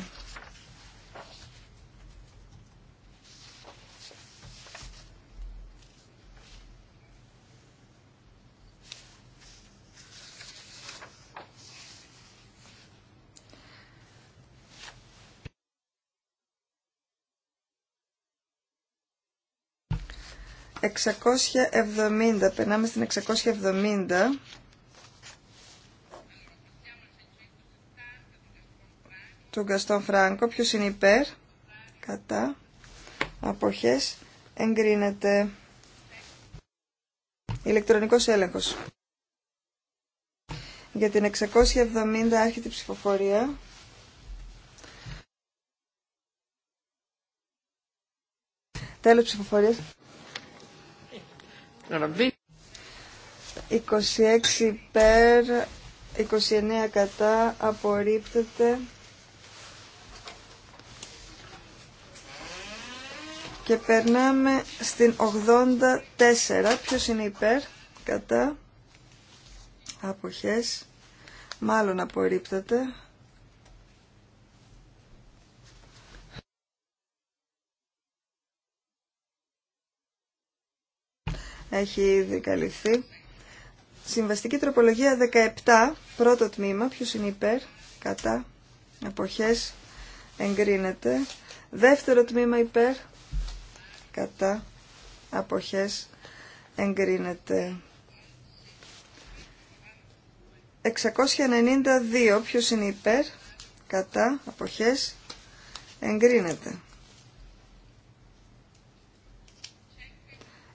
670. Περνάμε στην 670. Του Γκαστόν Φράγκο. Ποιος είναι υπέρ. Κατά. Αποχές. Εγκρίνεται. Ηλεκτρονικός έλεγχος. Για την 670 άρχεται η ψηφοφορία. Τέλος ψηφοφορίας. 26 υπέρ, 29 κατά, απορρίπτεται. Και περνάμε στην 84. Ποιος είναι υπέρ, κατά, αποχές, μάλλον απορρίπτεται. έχει ήδη καλυφθεί. Συμβαστική τροπολογία 17, πρώτο τμήμα, ποιος είναι υπέρ, κατά, αποχές, εγκρίνεται. Δεύτερο τμήμα υπέρ, κατά, αποχές, εγκρίνεται. 692, ποιος είναι υπέρ, κατά, αποχές, εγκρίνεται.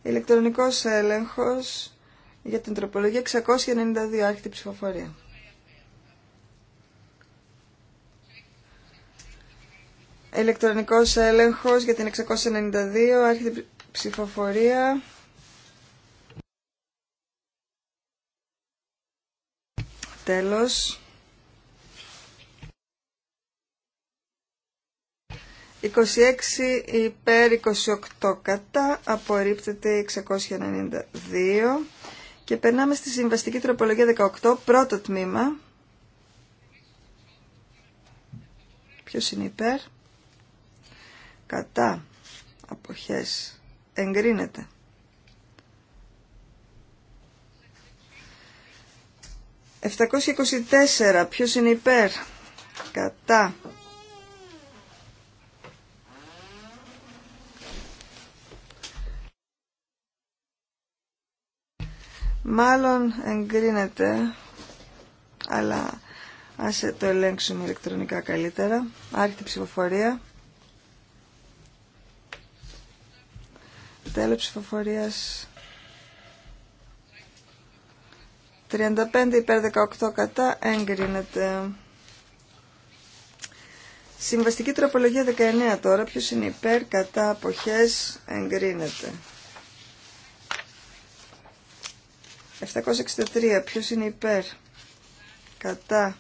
Ηλεκτρονικός έλεγχος για την τροπολογία 692 άρχιτη ψηφοφορία. Ηλεκτρονικός έλεγχος για την 692 άρχιτη ψηφοφορία. Τέλος. 26 υπέρ 28 κατά, απορρίπτεται 692 και περνάμε στη συμβαστική τροπολογία 18, πρώτο τμήμα. Ποιος είναι υπέρ? Κατά, αποχές, εγκρίνεται. «724. Ποιος είναι υπέρ» «Κατά» Μάλλον εγκρίνεται, αλλά ας το ελέγξουμε ηλεκτρονικά καλύτερα. Άρχεται ψηφοφορία. Τέλος ψηφοφορίας. 35 υπέρ 18 κατά εγκρίνεται. Συμβαστική τροπολογία 19 τώρα. Ποιος είναι υπέρ κατά αποχές εγκρίνεται. 763. Ποιος είναι υπέρ. Κατά.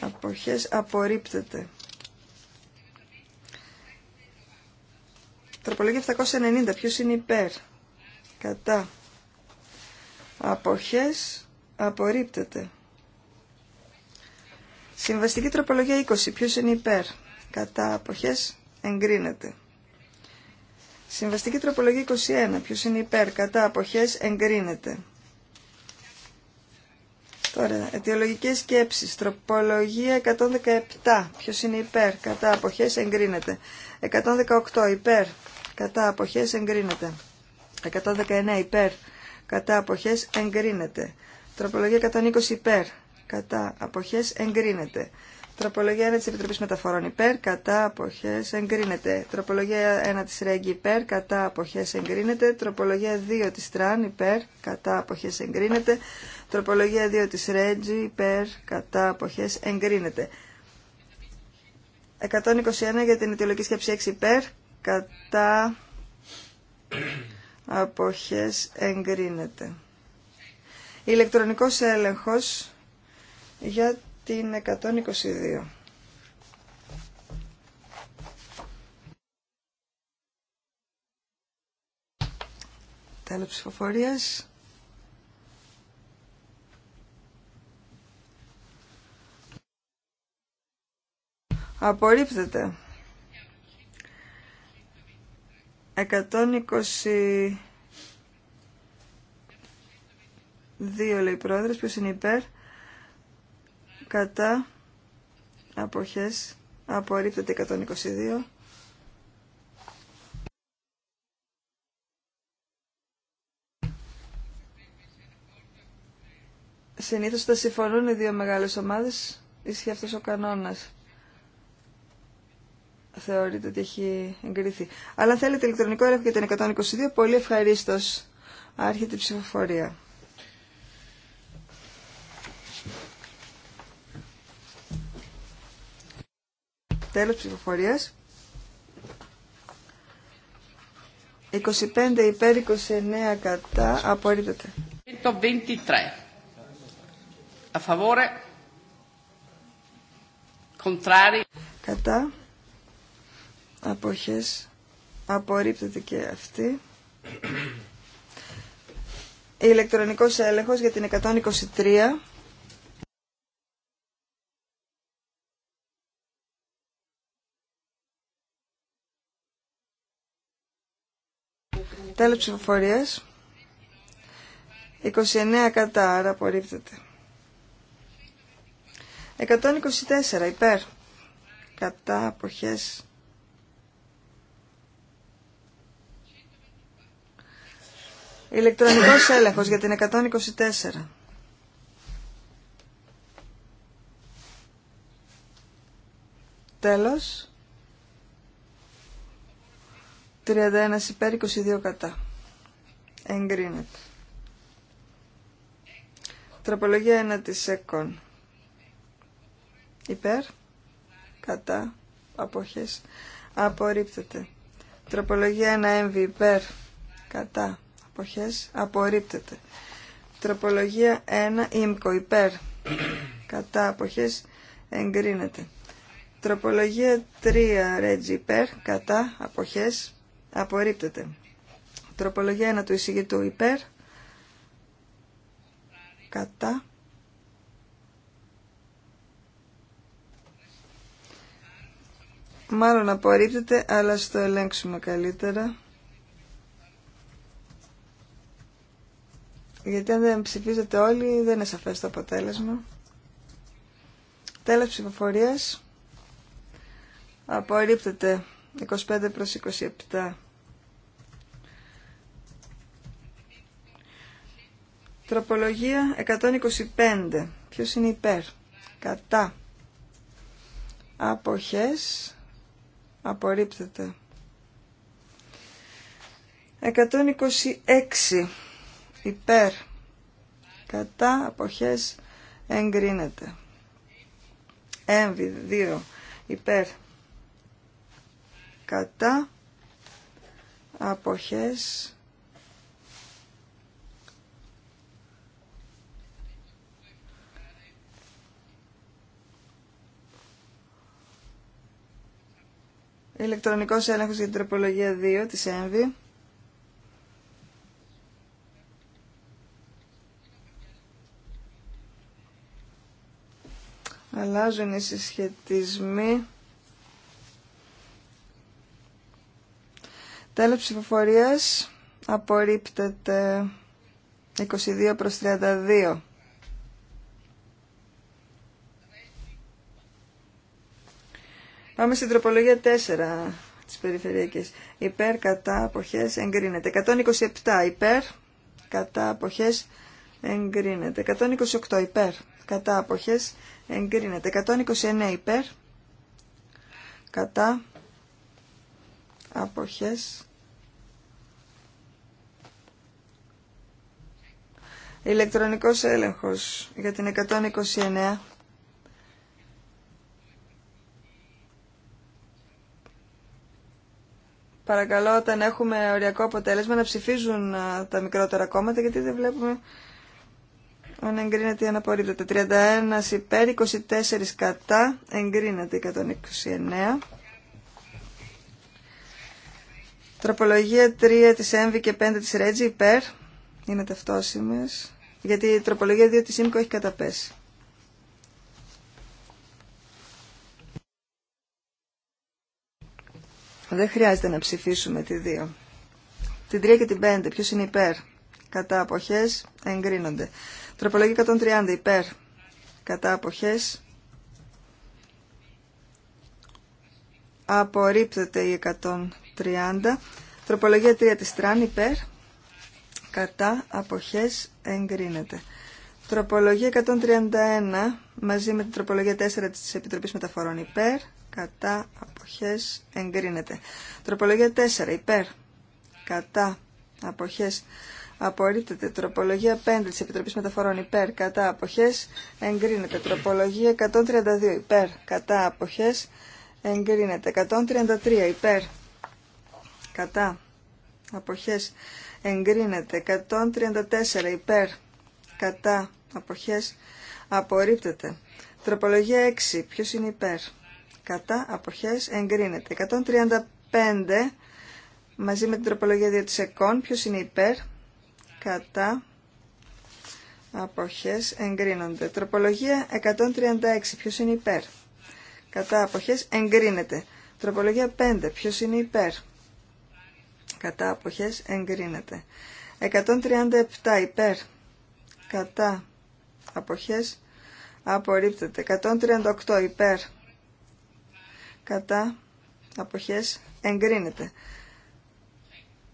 Αποχές απορρίπτεται. Τροπολογία 790. Ποιος είναι υπέρ. Κατά. Αποχές απορρίπτεται. Συμβαστική τροπολογία 20. Ποιος είναι υπέρ. Κατά αποχές εγκρίνεται. Συμβαστική τροπολογία 21. Ποιος είναι υπέρ, κατά, αποχές, εγκρίνεται. Τώρα, αιτιολογικές σκέψεις. Τροπολογία 117. Ποιος είναι υπέρ, κατά, αποχές, εγκρίνεται. 118. Υπέρ, κατά, αποχές, εγκρίνεται. 119. Υπέρ, κατά, αποχές, εγκρίνεται. Τροπολογία 120. Υπέρ, κατά, αποχές, εγκρίνεται. Τροπολογία 1 της Επιτροπής Μεταφορών υπέρ, κατά αποχές εγκρίνεται. Τροπολογία 1 της Ρέγγι υπέρ, κατά αποχές εγκρίνεται. Τροπολογία 2 της Τραν υπέρ, κατά αποχές εγκρίνεται. Τροπολογία 2 της Ρέτζι υπέρ, κατά αποχές εγκρίνεται. 121 για την αιτιολογική σκέψη 6 υπέρ, κατά αποχές εγκρίνεται. Ηλεκτρονικός έλεγχος για την 122. Τέλος ψηφοφορίας. Απορρίπτεται. 122 λέει πρόεδρος, ποιος είναι υπέρ κατά αποχές απορρίπτεται 122 Συνήθως θα συμφωνούν οι δύο μεγάλες ομάδες, ισχύει αυτός ο κανόνας. Θεωρείται ότι έχει εγκριθεί. Αλλά θέλετε ηλεκτρονικό έλεγχο για την 122, πολύ ευχαρίστως. Άρχεται η ψηφοφορία. Τέλος ψηφοφορίας. 25 υπέρ 29 κατά. Απορρίπτεται. 123. A favore. Κατά. Αποχές. Απορρίπτεται και αυτή. Ηλεκτρονικός έλεγχος για την 123. Τέλος ψηφοφορίας. 29 κατά, άρα απορρίπτεται. 124 υπέρ. Κατά αποχές. Ηλεκτρονικός έλεγχος για την 124. Τέλος. 31 υπέρ 22 κατά. Εγκρίνεται. Τροπολογία 1 της ΕΚΟΝ. Υπέρ. Κατά. Αποχές. Απορρίπτεται. Τροπολογία 1 έμβη υπέρ. Κατά. Αποχές. Απορρίπτεται. Τροπολογία 1 ΙΜΚΟ υπέρ. Κατά. Αποχές. Εγκρίνεται. Τροπολογία 3 Ρέτζι υπέρ. Κατά. Αποχές. Απορρίπτεται. Τροπολογία 1 του εισηγητού υπέρ. Κατά. Μάλλον απορρίπτεται, αλλά στο ελέγξουμε καλύτερα. Γιατί αν δεν ψηφίζετε όλοι, δεν είναι σαφές το αποτέλεσμα. Τέλος ψηφοφορίας. Απορρίπτεται 25 προς 27. Τροπολογία 125. Ποιος είναι υπέρ. Κατά. Αποχές. Απορρίπτεται. 126. Υπέρ. Κατά. Αποχές. Εγκρίνεται. Έμβη. 2. Υπέρ κατά αποχές Ηλεκτρονικός έλεγχος για την τροπολογία 2 της ΕΜΒΗ. Αλλάζουν οι συσχετισμοί. Τέλος ψηφοφορίας απορρίπτεται 22 προς 32. Πάμε στην τροπολογία 4 της περιφερειακής. Υπέρ, κατά, αποχές, εγκρίνεται. 127 υπέρ, κατά, αποχές, εγκρίνεται. 128 υπέρ, κατά, αποχές, εγκρίνεται. 129 υπέρ, κατά, αποχές, Ηλεκτρονικός έλεγχος για την 129. Παρακαλώ όταν έχουμε οριακό αποτέλεσμα να ψηφίζουν τα μικρότερα κόμματα γιατί δεν βλέπουμε αν εγκρίνεται ή αν 31 υπέρ, 24 κατά, εγκρίνεται 129. Τροπολογία 3 της Έμβη και 5 της ΡΕΤΖΙ υπέρ, είναι ταυτόσιμες γιατί η τροπολογία 2 της ΣΥΜΚΟ έχει καταπέσει. Δεν χρειάζεται να ψηφίσουμε τη 2. Την 3 και την 5, ποιος είναι υπέρ. Κατά αποχές εγκρίνονται. Τροπολογία 130 υπέρ. Κατά αποχές απορρίπτεται η 130. Τροπολογία 3 της τράν υπέρ κατά αποχές εγκρίνεται. Τροπολογία 131 μαζί με την τροπολογία 4 της Επιτροπής Μεταφορών υπέρ, κατά αποχές εγκρίνεται. Τροπολογία 4 υπέρ, κατά αποχές απορρίπτεται. Τροπολογία 5 της Επιτροπής Μεταφορών υπέρ, κατά αποχές εγκρίνεται. Τροπολογία 132 υπέρ, κατά αποχές εγκρίνεται. 133 υπέρ, κατά αποχές εγκρίνεται 134 υπέρ κατά αποχές απορρίπτεται τροπολογία 6 ποιος είναι υπέρ κατά αποχές εγκρίνεται 135 μαζί με την τροπολογία 2 της ΕΚΟΝ ποιος είναι υπέρ κατά αποχές εγκρίνονται τροπολογία 136 ποιος είναι υπέρ κατά αποχές εγκρίνεται τροπολογία 5 ποιος είναι υπέρ κατά αποχές εγκρίνεται. 137 υπέρ κατά αποχές απορρίπτεται. 138 υπέρ κατά αποχές εγκρίνεται.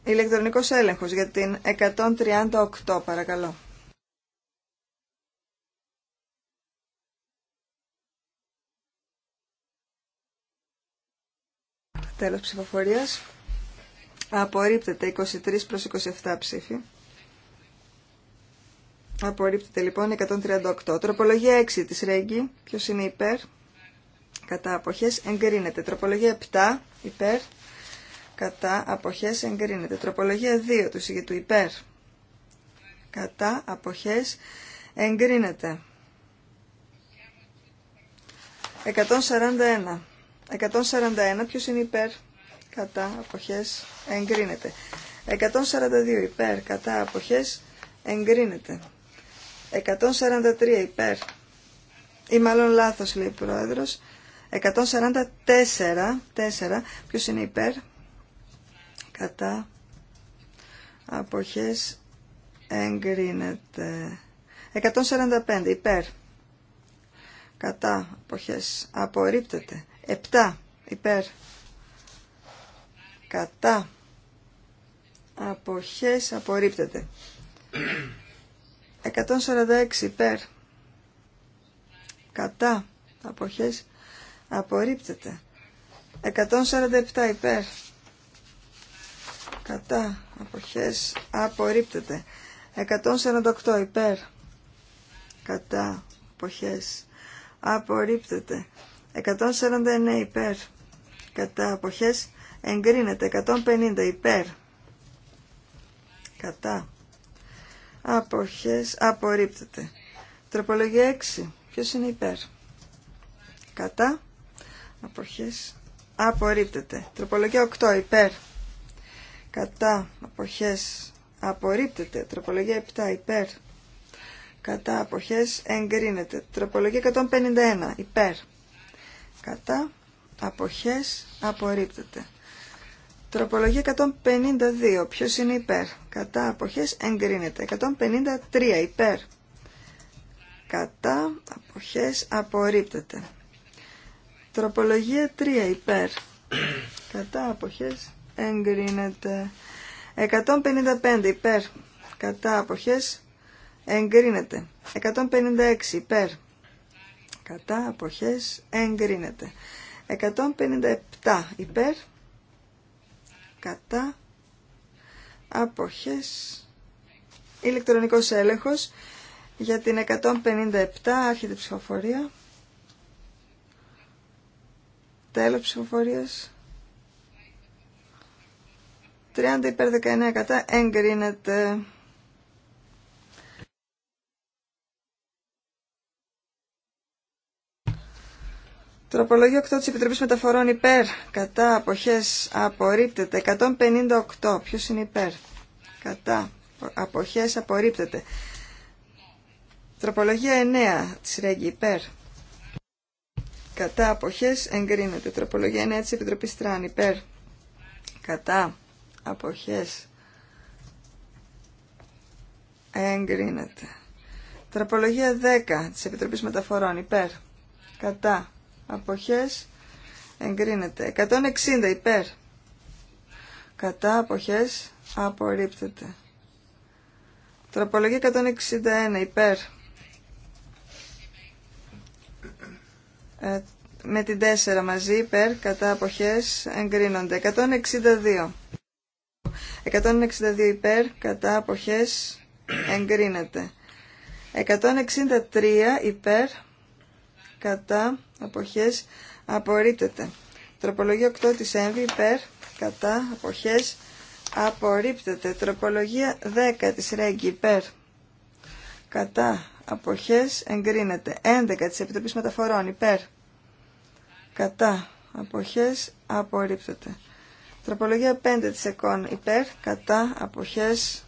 Ηλεκτρονικός έλεγχος για την 138 παρακαλώ. Τέλος ψηφοφορίας. Απορρίπτεται 23 προς 27 ψήφι. Απορρίπτεται λοιπόν 138. Τροπολογία 6 της Ρέγγι. Ποιος είναι υπέρ. Κατά αποχές εγκρίνεται. Τροπολογία 7 υπέρ. Κατά αποχές εγκρίνεται. Τροπολογία 2 του συγκεκριτού υπέρ. Κατά αποχές εγκρίνεται. 141. 141 ποιος είναι υπέρ κατά αποχές εγκρίνεται. 142 υπέρ κατά αποχές εγκρίνεται. 143 υπέρ ή μάλλον λάθος λέει η μαλλον λαθος λεει ο προεδρος 144 4, ποιος είναι υπέρ κατά αποχές εγκρίνεται. 145 υπέρ κατά αποχές απορρίπτεται. 7 υπέρ κατά αποχές απορρίπτεται 146 υπέρ κατά αποχές απορρίπτεται 147 υπέρ κατά αποχές απορρίπτεται 148 υπέρ κατά αποχές απορρίπτεται 149 υπέρ κατά αποχές εγκρίνεται 150 υπέρ κατά αποχές απορρίπτεται τροπολογία 6 ποιος είναι υπέρ κατά αποχές απορρίπτεται τροπολογία 8 υπέρ κατά αποχές απορρίπτεται τροπολογία 7 υπέρ κατά αποχές εγκρίνεται τροπολογία 151 υπέρ κατά αποχές απορρίπτεται Τροπολογία 152. Ποιος είναι υπέρ. Κατά αποχές εγκρίνεται. 153 υπέρ. Κατά αποχές απορρίπτεται. Τροπολογία 3 υπέρ. Κατά αποχές εγκρίνεται. 155 υπέρ. Κατά αποχές εγκρίνεται. 156 υπέρ. Κατά αποχές εγκρίνεται. 157 υπέρ κατά αποχές ηλεκτρονικός έλεγχος για την 157 άρχεται ψηφοφορία τέλος ψηφοφορίας 30 υπέρ 19 κατά εγκρίνεται Τροπολογία 8 τη επιτροπή Μεταφορών υπέρ, κατά, απόχέ απορρίπτεται. 158, Ποιο είναι υπέρ, κατά, αποχέ απορρίπτεται. Τροπολογία 9 τη Ρέγγι υπέρ, κατά, απόχέ, εγκρίνεται. Τροπολογία 9 τη επιτροπή Τράν υπέρ, κατά, απόχέ. εγκρίνεται. Τροπολογία 10 τη επιτροπή Μεταφορών υπέρ, κατά, αποχές εγκρίνεται. 160 υπέρ κατά αποχές απορρίπτεται. Τροπολογία 161 υπέρ ε, με την 4 μαζί υπέρ κατά αποχές εγκρίνονται. 162 162 υπέρ κατά αποχές εγκρίνεται. 163 υπέρ κατά, αποχές, απορρίπτεται. Τροπολογία 8 της έμβι. υπέρ, κατά, αποχές, απορρίπτεται. Τροπολογία 10 της ΡΕΓΚΙ, υπέρ, κατά, αποχές, εγκρίνεται. 11 της Επιτροπής Μεταφορών, υπέρ, κατά, αποχές, απορρίπτεται. Τροπολογία 5 της εκών. υπέρ, κατά, αποχές,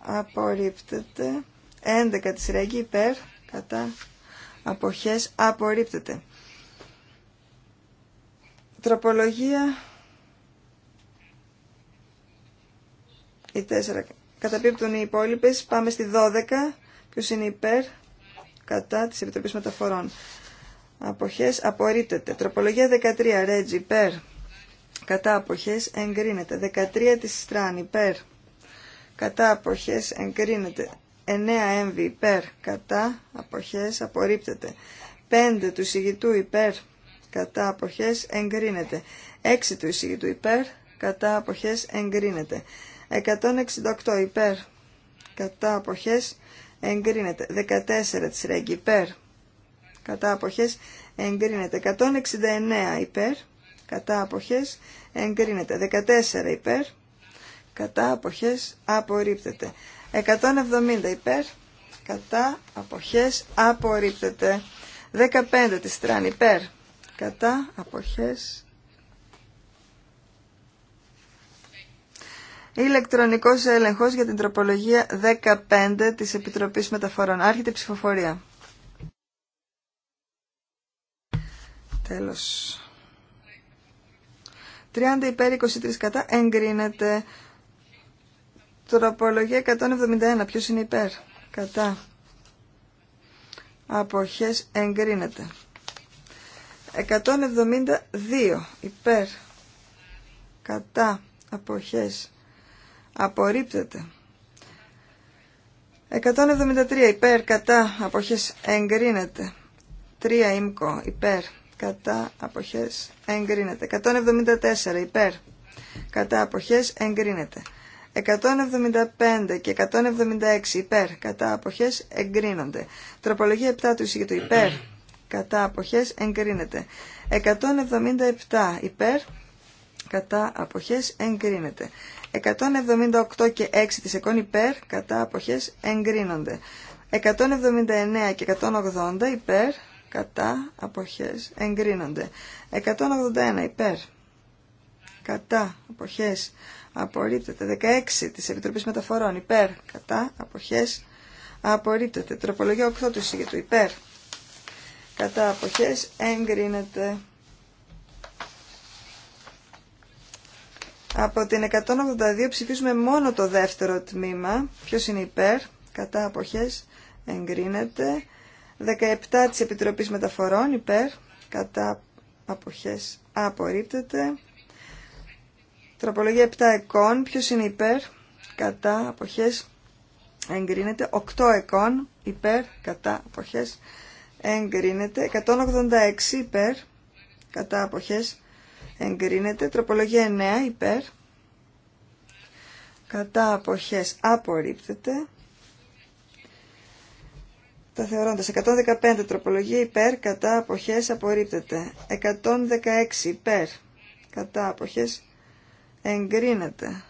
απορρίπτεται. 11 της ΡΕΓΚΙ, υπέρ, κατά, αποχές απορρίπτεται. Τροπολογία οι τέσσερα καταπίπτουν οι υπόλοιπες. Πάμε στη 12. Ποιος είναι υπέρ κατά της Επιτροπής Μεταφορών. Αποχές απορρίπτεται. Τροπολογία 13. Ρέτζι υπέρ κατά αποχές εγκρίνεται. 13 της Στράν υπέρ κατά αποχές εγκρίνεται. 9 έμβη υπέρ κατά αποχές απορρίπτεται. 5 του εισηγητού υπέρ κατά αποχές εγκρίνεται. 6 του εισηγητού υπέρ κατά αποχές εγκρίνεται. 168 υπέρ κατά αποχές εγκρίνεται. 14 της ρέγγι υπέρ κατά αποχές εγκρίνεται. 169 υπέρ κατά αποχές εγκρίνεται. 14 υπέρ κατά αποχές απορρίπτεται. 170 υπέρ, κατά, αποχές, απορρίπτεται. 15 της τράν υπέρ, κατά, αποχές. Ηλεκτρονικός έλεγχος για την τροπολογία 15 της Επιτροπής Μεταφορών. Άρχεται η ψηφοφορία. Τέλος. 30 υπέρ 23 κατά εγκρίνεται. Τροπολογία 171. Ποιος είναι υπέρ. Κατά. Αποχές εγκρίνεται. 172. Υπέρ. Κατά. Αποχές. Απορρίπτεται. 173. Υπέρ. Κατά. Αποχές εγκρίνεται. 3. Ήμκο. Υπέρ. Κατά. Αποχές εγκρίνεται. 174. Υπέρ. Κατά. Αποχές εγκρίνεται. 175 και 176 υπέρ κατά αποχές εγκρίνονται. Τροπολογία 7 του εισηγητού υπέρ κατά αποχές εγκρίνεται. 177 υπέρ κατά αποχές εγκρίνεται. 178 και 6 της εκών υπέρ κατά αποχές εγκρίνονται. 179 και 180 υπέρ κατά αποχές εγκρίνονται. 181 υπέρ κατά αποχές εγκρίνονται απορρίπτεται. 16 τη επιτροπή Μεταφορών υπέρ, κατά, απόχέ. απορρίπτεται. Τροπολογία 8 του εισηγητού υπέρ, κατά, απόχέ εγκρίνεται. Από την 182 ψηφίζουμε μόνο το δεύτερο τμήμα. Ποιο είναι υπέρ, κατά, Αποχέ. εγκρίνεται. 17 της Επιτροπής Μεταφορών υπέρ, κατά, αποχές, απορρίπτεται. Τροπολογία 7 εκών. ποιο είναι υπέρ, κατά, αποχέ εγκρίνεται. 8 εκών, υπέρ, κατά, αποχέ, εγκρίνεται. 186 υπέρ, κατά, αποχές, εγκρίνεται. Τροπολογία 9 υπέρ, κατά, αποχές, απορρίπτεται. Τα θεωρώντας 115 τροπολογία υπέρ, κατά, αποχές, απορρίπτεται. 116 υπέρ, κατά, αποχές, εγκρίνεται.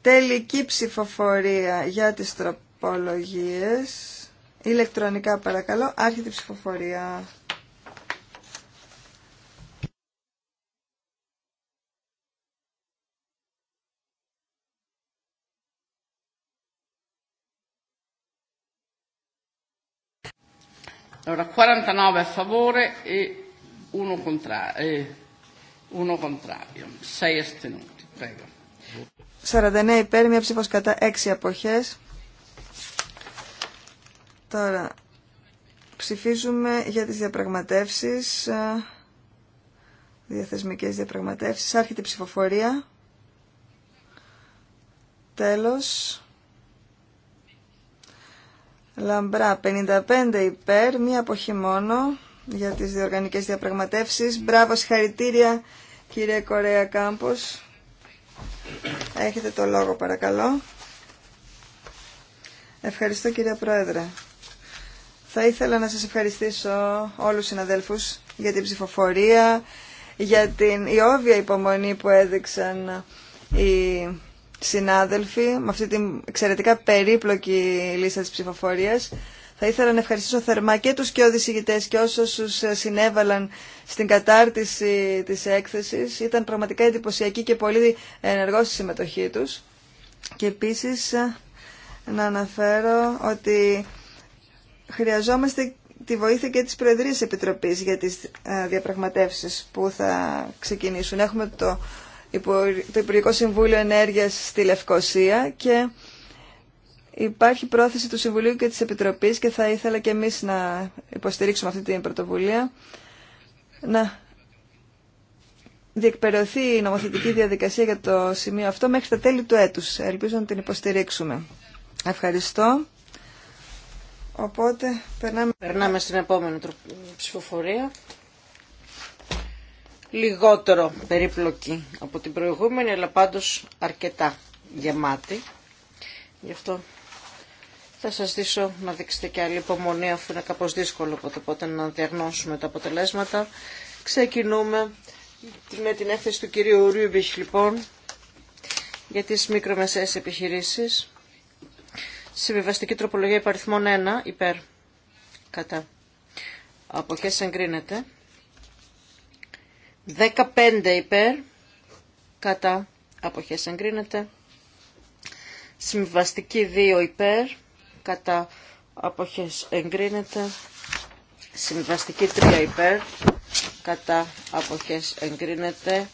Τελική ψηφοφορία για τις τροπολογίες. Ηλεκτρονικά παρακαλώ, άρχεται η ψηφοφορία. Allora, 49 a και 1 contrario contrario, 49 υπέρ, μία ψήφος κατά 6 αποχές. Τώρα, ψηφίζουμε για τις διαπραγματεύσεις, ε, διαθεσμικές διαπραγματεύσεις. Άρχεται η ψηφοφορία. Τέλος. Λαμπρά, 55 υπέρ, μία αποχή μόνο για τις διοργανικές διαπραγματεύσεις. Μπράβο, συγχαρητήρια Κύριε Κορέα Κάμπος, έχετε το λόγο παρακαλώ. Ευχαριστώ κύριε Πρόεδρε. Θα ήθελα να σας ευχαριστήσω όλους τους συναδέλφους για την ψηφοφορία, για την ιόβια υπομονή που έδειξαν οι συνάδελφοι με αυτή την εξαιρετικά περίπλοκη λίστα της ψηφοφορίας. Θα ήθελα να ευχαριστήσω θερμά και τους και οδησηγητές και όσους ε, συνέβαλαν στην κατάρτιση της έκθεσης. Ήταν πραγματικά εντυπωσιακή και πολύ ενεργό στη συμμετοχή τους. Και επίσης ε, να αναφέρω ότι χρειαζόμαστε τη βοήθεια και της Προεδρίας Επιτροπής για τις ε, διαπραγματεύσεις που θα ξεκινήσουν. Έχουμε το το Υπουργικό Συμβούλιο Ενέργειας στη Λευκοσία και Υπάρχει πρόθεση του Συμβουλίου και της Επιτροπής και θα ήθελα και εμείς να υποστηρίξουμε αυτή την πρωτοβουλία να διεκπαιρεωθεί η νομοθετική διαδικασία για το σημείο αυτό μέχρι τα τέλη του έτους. Ελπίζω να την υποστηρίξουμε. Ευχαριστώ. Οπότε περνάμε... Περνάμε στην επόμενη ψηφοφορία. Λιγότερο περίπλοκη από την προηγούμενη, αλλά πάντως αρκετά γεμάτη. Γι' αυτό θα σας δείσω να δείξετε και άλλη υπομονή αφού είναι κάπως δύσκολο οπότε, να διαγνώσουμε τα αποτελέσματα. Ξεκινούμε με την έκθεση του κυρίου Ρίουμπιχ, λοιπόν για τις μικρομεσαίες επιχειρήσεις. Συμβιβαστική τροπολογία υπαριθμών 1 υπέρ κατά. Αποχές εγκρίνεται. 15 υπέρ κατά. Αποχές εγκρίνεται. Συμβιβαστική 2 υπέρ κατά αποχές εγκρίνεται. Συμβαστική 3 υπέρ κατά αποχές εγκρίνεται.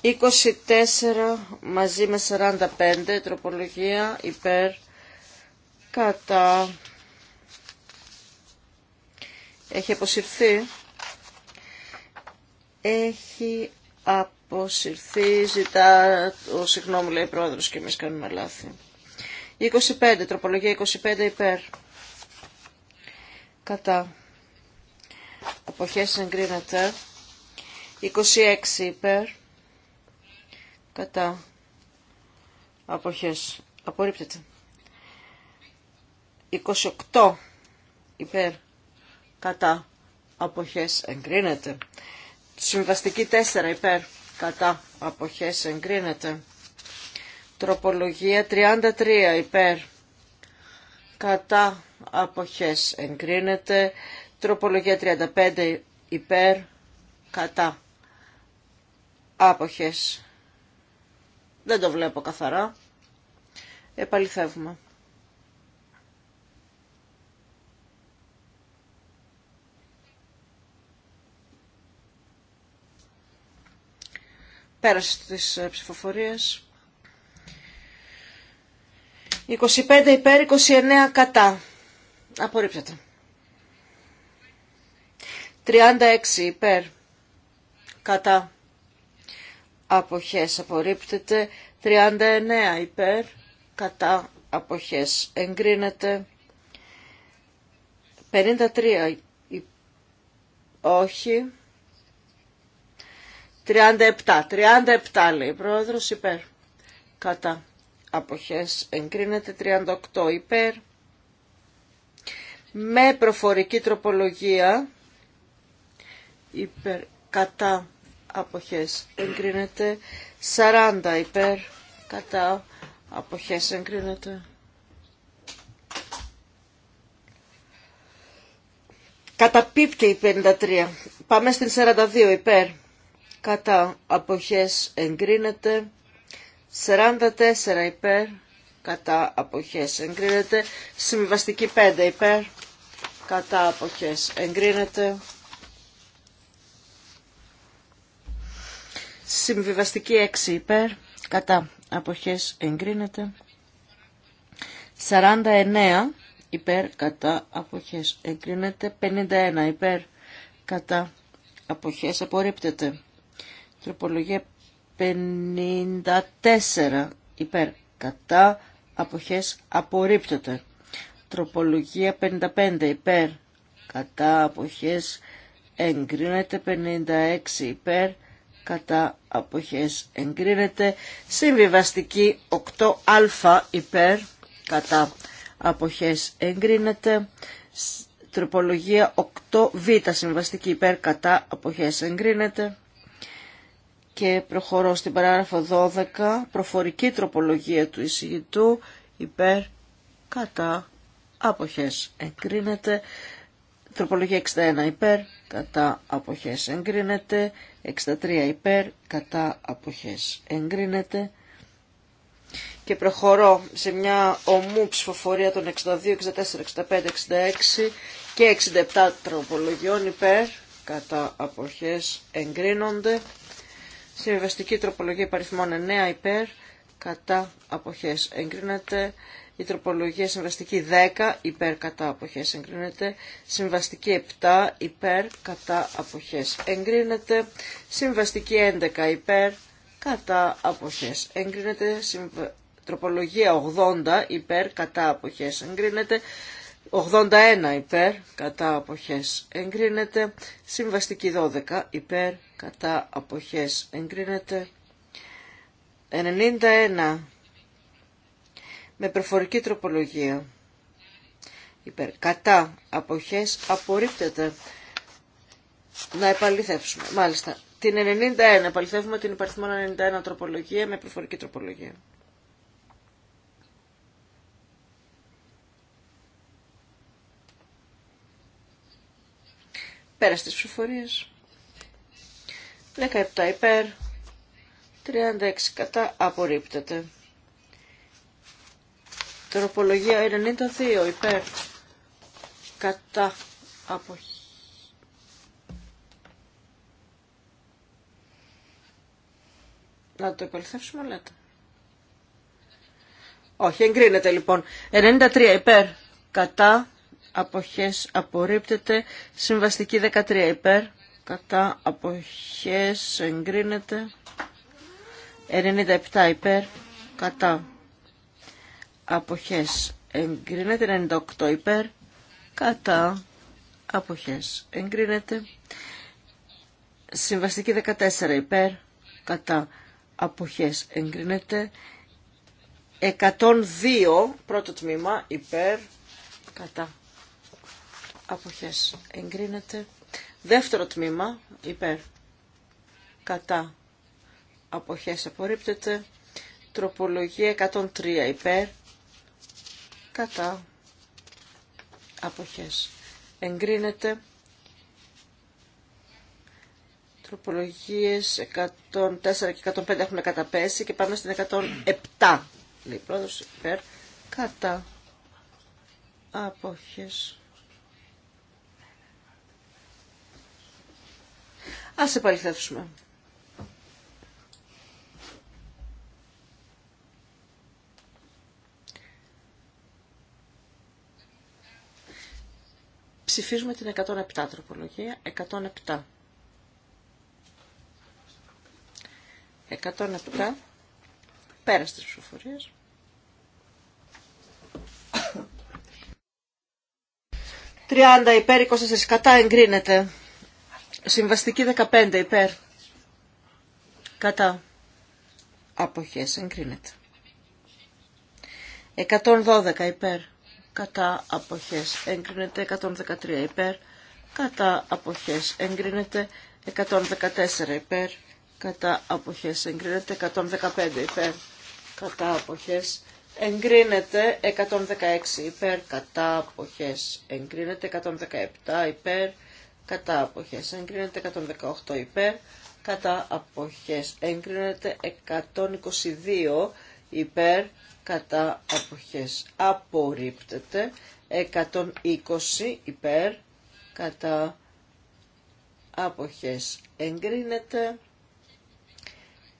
24 μαζί με 45 τροπολογία υπέρ κατά έχει αποσυρθεί έχει αποσυρθεί ζητά ο συγγνώμη λέει πρόεδρος και εμείς κάνουμε λάθη 25, τροπολογία 25 υπέρ. Κατά. Αποχές εγκρίνεται. 26 υπέρ. Κατά. Αποχές. Απορρίπτεται. 28 υπέρ. Κατά. Αποχές εγκρίνεται. Συμβαστική 4 υπέρ. Κατά. Αποχές εγκρίνεται. Τροπολογία 33 υπέρ κατά αποχές εγκρίνεται. Τροπολογία 35 υπέρ κατά άποχες. Δεν το βλέπω καθαρά. Επαληθεύουμε. Πέρασε τις ε, ψηφοφορίες. 25 υπέρ, 29 κατά. Απορρίπτεται. 36 υπέρ, κατά. Αποχές απορρίπτεται. 39 υπέρ, κατά. Αποχές εγκρίνεται. 53 υ... όχι. 37. 37 λέει πρόεδρος υπέρ. Κατά αποχές εγκρίνεται 38 υπέρ με προφορική τροπολογία υπέρ κατά αποχές εγκρίνεται 40 υπέρ κατά αποχές εγκρίνεται καταπίπτει η 53 πάμε στην 42 υπέρ κατά αποχές εγκρίνεται 44 υπέρ, κατά αποχές εγκρίνεται. Συμβιβαστική 5 υπέρ, κατά αποχές εγκρίνεται. Συμβιβαστική 6 υπέρ, κατά αποχές εγκρίνεται. 49 υπέρ, κατά αποχές εγκρίνεται. 51 υπέρ, κατά αποχές απορρίπτεται. Τροπολογία 54 υπέρ κατά αποχές απορρίπτεται. Τροπολογία 55 υπέρ κατά αποχές εγκρίνεται. 56 υπέρ κατά αποχές εγκρίνεται. Συμβιβαστική 8α υπέρ κατά αποχές εγκρίνεται. Τροπολογία 8β συμβαστική υπέρ κατά αποχές εγκρίνεται. Και προχωρώ στην παράγραφο 12, προφορική τροπολογία του εισηγητού, υπέρ, κατά, αποχές εγκρίνεται. Τροπολογία 61 υπέρ, κατά αποχές εγκρίνεται. 63 υπέρ, κατά αποχές εγκρίνεται. Και προχωρώ σε μια ομού ψηφοφορία των 62, 64, 65, 66 και 67 τροπολογιών υπέρ, κατά αποχές εγκρίνονται. «Συμβαστική τροπολογία υπαριθμών 9 υπέρ κατά αποχές εγκρίνεται. Η τροπολογία συμβαστική 10 υπέρ κατά αποχές εγκρίνεται. Συμβαστική 7 υπέρ κατά αποχές εγκρίνεται. Συμβαστική 11 υπέρ κατά αποχές εγκρίνεται. Τροπολογία 80 υπέρ κατά αποχές εγκρίνεται. 81 υπέρ, κατά αποχές εγκρίνεται. Συμβαστική 12 υπέρ, κατά αποχές εγκρίνεται. 91 με προφορική τροπολογία. Υπέρ, κατά αποχές απορρίπτεται. Να επαληθεύσουμε. Μάλιστα. Την 91, επαληθεύουμε την υπαριθμόνα 91 τροπολογία με προφορική τροπολογία. Πέρα στις ψηφορίες. 17 υπέρ. 36 κατά. Απορρίπτεται. Τροπολογία 92 υπέρ. Κατά. Αποχή. Να το επαληθεύσουμε, λέτε. Όχι, εγκρίνεται λοιπόν. 93 υπέρ. Κατά αποχές απορρίπτεται. Συμβαστική 13 υπέρ, κατά αποχές εγκρίνεται. 97 υπέρ, κατά αποχές εγκρίνεται. 98 υπέρ, κατά αποχές εγκρίνεται. Συμβαστική 14 υπέρ, κατά αποχές εγκρίνεται. 102 πρώτο τμήμα υπέρ, κατά αποχές εγκρίνεται. Δεύτερο τμήμα υπέρ κατά αποχές απορρίπτεται. Τροπολογία 103 υπέρ κατά αποχές εγκρίνεται. Τροπολογίες 104 και 105 έχουν καταπέσει και πάμε στην 107. Λοιπόν υπέρ κατά αποχές Ας επαληθεύσουμε. Ψηφίζουμε την 107 τροπολογία. 107. 107. Πέρα στις ψηφοφορίες. Τριάντα υπέρ 24 κατά εγκρίνεται. Συμβαστική 15 υπέρ. Κατά. Αποχές εγκρίνεται. 112 υπέρ. Κατά αποχές εγκρίνεται. 113 υπέρ. Κατά αποχές εγκρίνεται. 114 υπέρ. Κατά αποχές εγκρίνεται. 115 υπέρ. Κατά αποχές εγκρίνεται. 116 υπέρ. Κατά αποχές εγκρίνεται. 117 υπέρ κατά αποχές εγκρίνεται 118 υπέρ, κατά αποχές εγκρίνεται 122 υπέρ, κατά αποχές απορρίπτεται 120 υπέρ, κατά αποχές εγκρίνεται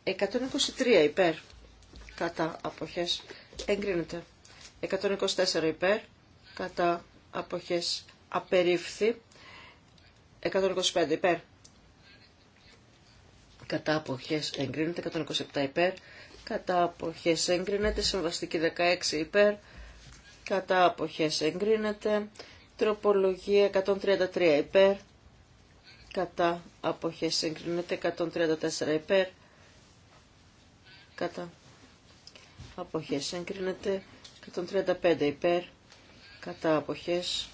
123 υπέρ, κατά αποχές εγκρίνεται 124 υπέρ, κατά αποχές απερίφθη 125 υπέρ. Κατά αποχές εγκρίνεται 127 υπέρ. Κατά αποχές εγκρίνεται συμβαστική 16 υπέρ. Κατά αποχές εγκρίνεται τροπολογία 133 υπέρ. Κατά αποχές εγκρίνεται 134 υπέρ. Κατά αποχές εγκρίνεται 135 υπέρ. Κατά αποχές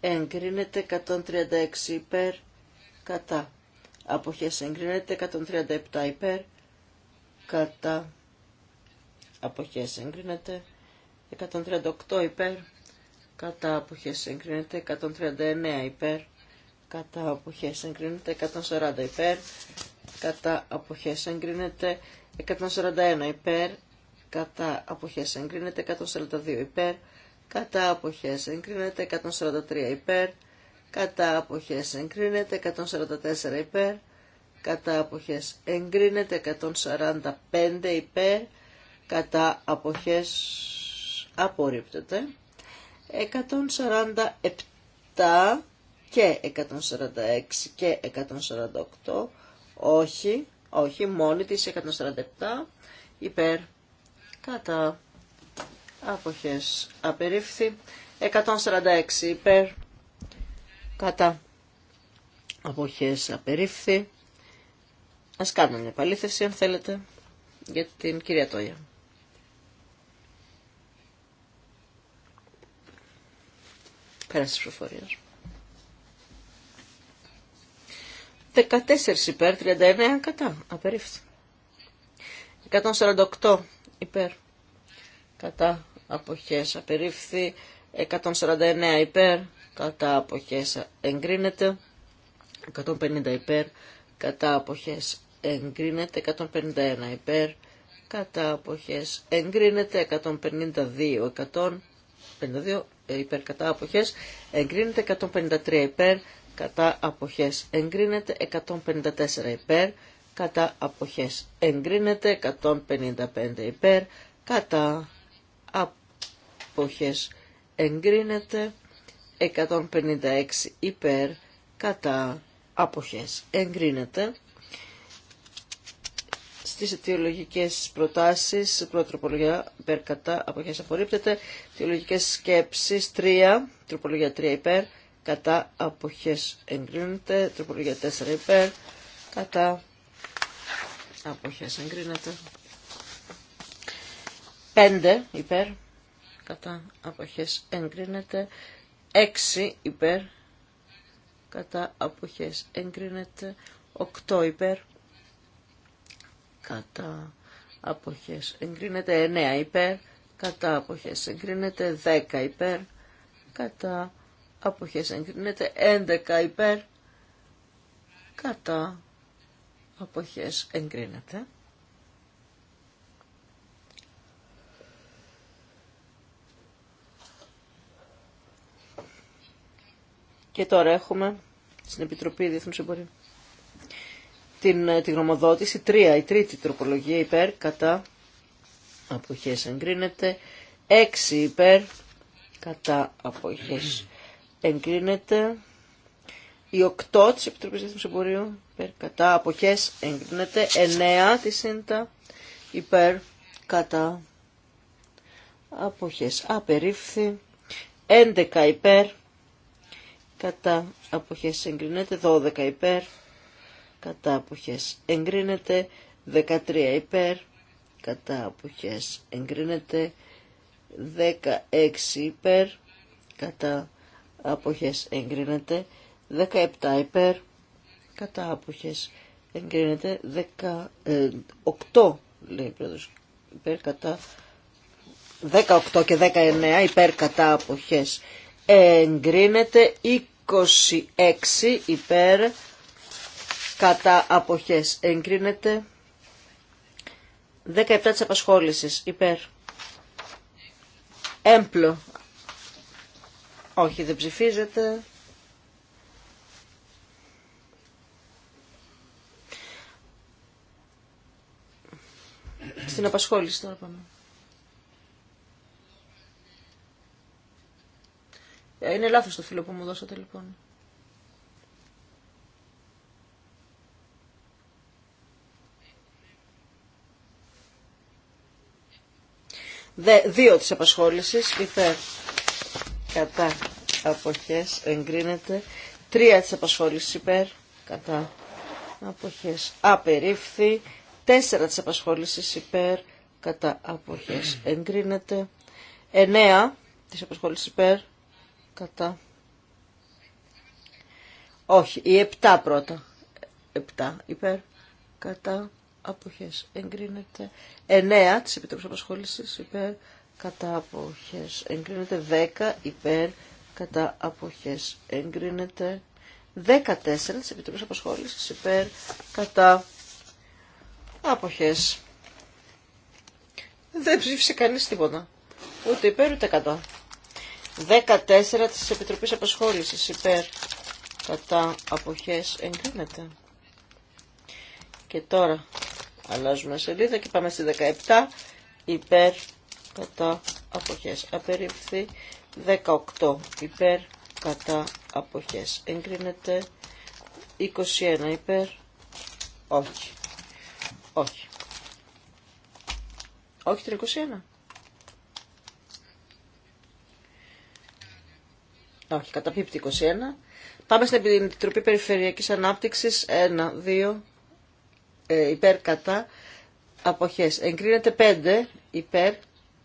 εγκρίνεται 136 υπέρ κατά αποχές εγκρίνεται 137 υπέρ κατά αποχές εγκρίνεται 138 υπέρ κατά αποχές εγκρίνεται 139 υπέρ κατά αποχές εγκρίνεται 140 υπέρ κατά αποχές εγκρίνεται 141 υπέρ κατά αποχές εγκρίνεται 142 υπέρ κατά αποχές εγκρίνεται 143 υπέρ, κατά αποχές εγκρίνεται 144 υπέρ, κατά αποχές εγκρίνεται 145 υπέρ, κατά αποχές απορρίπτεται 147 και 146 και 148 όχι, όχι μόνη της 147 υπέρ κατά αποχές απερίφθη 146 υπέρ κατά αποχές απερίφθη ας κάνουμε μια παλήθευση αν θέλετε για την κυρία Τόγια πέρασε τις προφορίες. 14 υπέρ 39 κατά απερίφθη 148 υπέρ κατά αποχές απερίφθη 149 υπέρ κατά αποχές εγκρίνεται 150 υπέρ κατά αποχές εγκρίνεται 151 υπέρ κατά αποχές εγκρίνεται 152 152 υπέρ κατά αποχές εγκρίνεται 153 υπέρ κατά αποχές εγκρίνεται 154 υπέρ κατά αποχές εγκρίνεται 155 υπέρ κατά αποχές εγκρίνεται 156 υπέρ κατά αποχές εγκρίνεται στις αιτιολογικές προτάσεις, πρώτη τροπολογία υπέρ κατά αποχές απορρίπτεται, αιτιολογικές σκέψεις 3, τροπολογία 3 υπέρ, κατά αποχές εγκρίνεται, τροπολογία 4 υπέρ, κατά αποχές εγκρίνεται. 5 υπέρ κατά αποχές εγκρίνεται 6 υπέρ κατά αποχές εγκρίνεται 8 υπέρ κατά αποχές εγκρίνεται 9 υπέρ κατά αποχές εγκρίνεται 10 υπέρ κατά αποχές εγκρίνεται 11 υπέρ κατά αποχές εγκρίνεται Και τώρα έχουμε στην Επιτροπή Διεθνούς Εμπορίου την, ε, τη γνωμοδότηση 3, η τρίτη τροπολογία υπέρ κατά αποχές εγκρίνεται, 6 υπέρ κατά αποχές εγκρίνεται, η 8 της Επιτροπής Διεθνούς Εμπορίου υπέρ κατά αποχές εγκρίνεται, 9 της ΣΥΝΤΑ υπέρ κατά αποχές απερίφθη, 11 υπέρ κατά αποχές εγκρίνεται 12 υπέρ κατά αποχές εγκρίνεται 13 υπέρ κατά αποχές εγκρίνεται 16 υπέρ κατά αποχές εγκρίνεται 17 υπέρ κατά αποχές εγκρίνεται 10, ε, λέει πρόεδρος υπέρ κατά 18 και 19 υπέρ κατά αποχές εγκρίνεται 26 υπέρ κατά αποχές εγκρίνεται 17 της απασχόλησης υπέρ έμπλο όχι δεν ψηφίζεται στην απασχόληση τώρα πάμε Ε, είναι λάθος το φίλο που μου δώσατε λοιπόν. Δε, δύο της απασχόλησης υπέρ κατά αποχές εγκρίνεται. Τρία της απασχόλησης υπέρ κατά αποχές απερίφθη. Τέσσερα της απασχόλησης υπέρ κατά αποχές εγκρίνεται. Εννέα της απασχόλησης υπέρ Κατά. Όχι, η 7 πρώτα. 7 υπέρ. Κατά. Αποχές εγκρίνεται. 9 της Επιτροπής Απασχόλησης υπέρ. Κατά απόχέ. εγκρίνεται. 10 υπέρ. Κατά αποχές εγκρίνεται. 14 της Επιτροπής Απασχόλησης υπέρ. Κατά απόχέ. Δεν ψήφισε κανεί τίποτα. Ούτε υπέρ ούτε κατά. 14 της Επιτροπής Απασχόλησης υπέρ κατά αποχές εγκρίνεται. Και τώρα αλλάζουμε σελίδα και πάμε στη 17 υπέρ κατά αποχές απερίφθη 18 υπέρ κατά αποχές εγκρίνεται 21 υπέρ όχι όχι όχι 21. Όχι, καταπίπτει 21. Πάμε στην Επιτροπή Περιφερειακής Ανάπτυξης. 1, 2, ε, υπέρ, κατά, αποχές. Εγκρίνεται 5, υπέρ,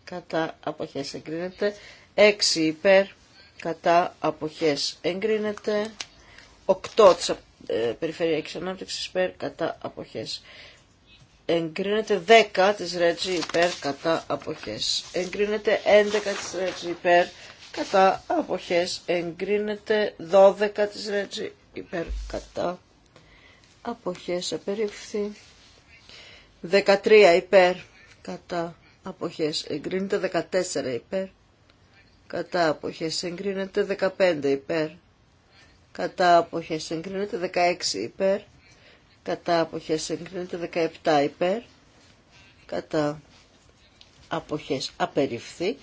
κατά, αποχές. Εγκρίνεται 6, υπέρ, κατά, αποχές. Εγκρίνεται 8 της ε, Περιφερειακής Ανάπτυξης, υπέρ, κατά, αποχές. Εγκρίνεται 10 της Ρέτζη, υπέρ, κατά, αποχές. Εγκρίνεται 11 της Ρέτζη, υπέρ, κατά, κατά αποχές εγκρίνεται 12 της Ρέτζη υπέρ κατά αποχές απερίφθη 13 υπέρ κατά αποχές εγκρίνεται 14 υπέρ κατά αποχές εγκρίνεται 15 υπέρ κατά αποχές εγκρίνεται 16 υπέρ κατά αποχές εγκρίνεται 17 υπέρ κατά αποχές απεριφθεί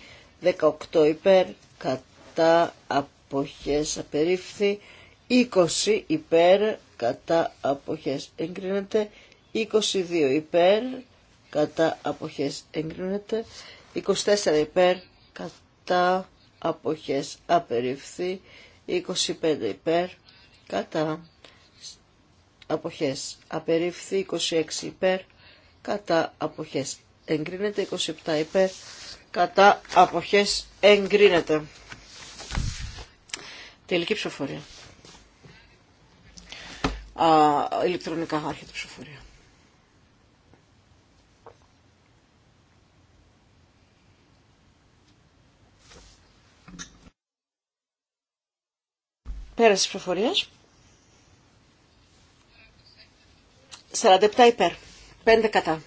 18 υπέρ κατά αποχές απερίφθη 20 υπέρ κατά αποχές εγκρίνεται 22 υπέρ κατά αποχές εγκρίνεται 24 υπέρ κατά αποχές απερίφθη 25 υπέρ κατά αποχές απερίφθη 26 υπέρ κατά αποχές εγκρίνεται 27 υπέρ κατά αποχές εγκρίνεται. Τελική ψηφοφορία. Α, ηλεκτρονικά άρχεται ψηφοφορία. Πέραση ψηφοφορίας. 47 υπέρ, 5 κατά,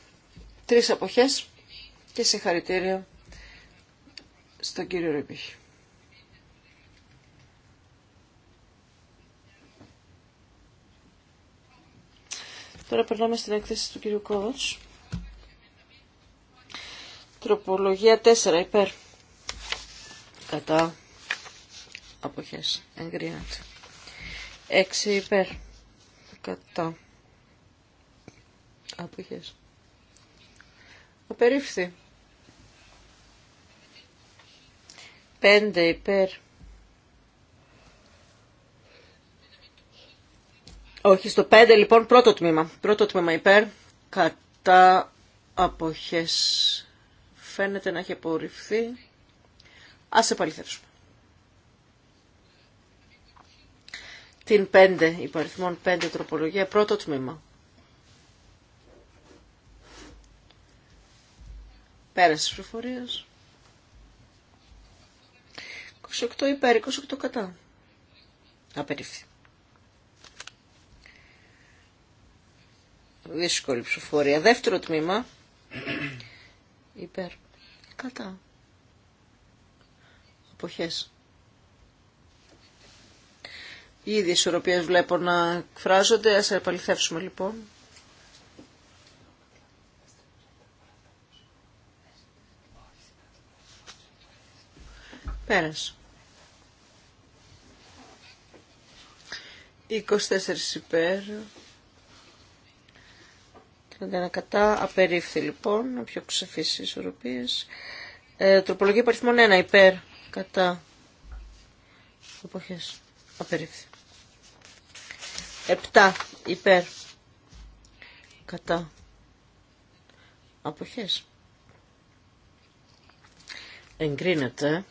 3 αποχές και συγχαρητήρια στον κύριο Ρεπίχ. Τώρα περνάμε στην έκθεση του κύριου Κόβατς. Τροπολογία 4 υπέρ. Κατά αποχές. Εγκρίνεται. 6 υπέρ. Κατά αποχές. Απερίφθη. Πέντε υπέρ. Όχι, στο 5 λοιπόν πρώτο τμήμα. Πρώτο τμήμα υπέρ. Κατά αποχές. Φαίνεται να έχει απορριφθεί. Ας επαληθεύσουμε. Την 5 υπαριθμών 5 τροπολογία. Πρώτο τμήμα. Πέρασε τη προφορία. 28 υπέρ, 28 κατά. Απερίφθη. Δύσκολη ψηφοφορία. Δεύτερο τμήμα. Υπέρ. Κατά. Αποχές. ίδιε ισορροπίες βλέπω να εκφράζονται. Ας επαληθεύσουμε λοιπόν. Πέρασε. 24 υπέρ. Και κατά. Απερίφθη λοιπόν. Πιο ψηφίσει ισορροπίε. Ε, τροπολογία υπαριθμών 1 υπέρ. Κατά. Εποχέ. Απερίφθη. 7 υπέρ. Κατά. Αποχέ. Εγκρίνεται.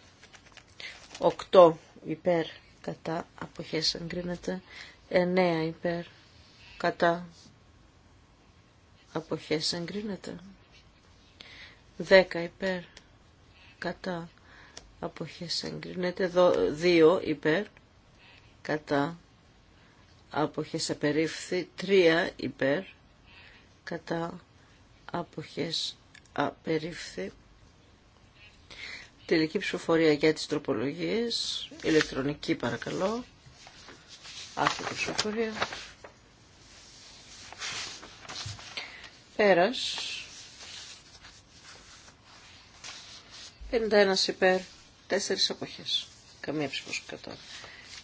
8 υπέρ κατά αποχές εγκρίνεται 9 υπέρ κατά αποχές εγκρίνεται 10 υπέρ κατά αποχές εγκρίνεται 2 υπέρ κατά αποχές απερίφθη 3 υπέρ κατά αποχές απερίφθη τελική ψηφοφορία για τις τροπολογίες ηλεκτρονική παρακαλώ Άρχεται η ψηφοφορία. Πέρας. 51 υπέρ, 4 αποχές. Καμία ψηφος κατά.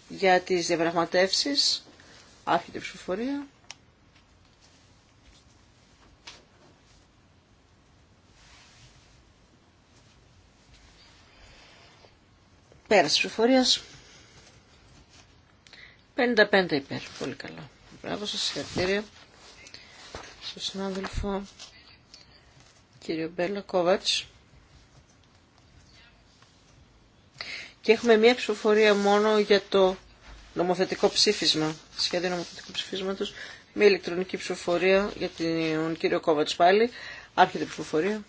Για τις διαπραγματεύσεις, άρχεται η ψηφοφορία. Πέρας ψηφοφορίας. 55 υπέρ. Πολύ καλό. Μπράβο σας, συγχαρητήρια στον συνάδελφο κύριο Μπέλα Κόβατς. Και έχουμε μία ψηφοφορία μόνο για το νομοθετικό ψήφισμα, σχέδιο νομοθετικού ψηφίσματος, μία ηλεκτρονική ψηφοφορία για τον κύριο Κόβατς πάλι. Άρχεται η ψηφοφορία.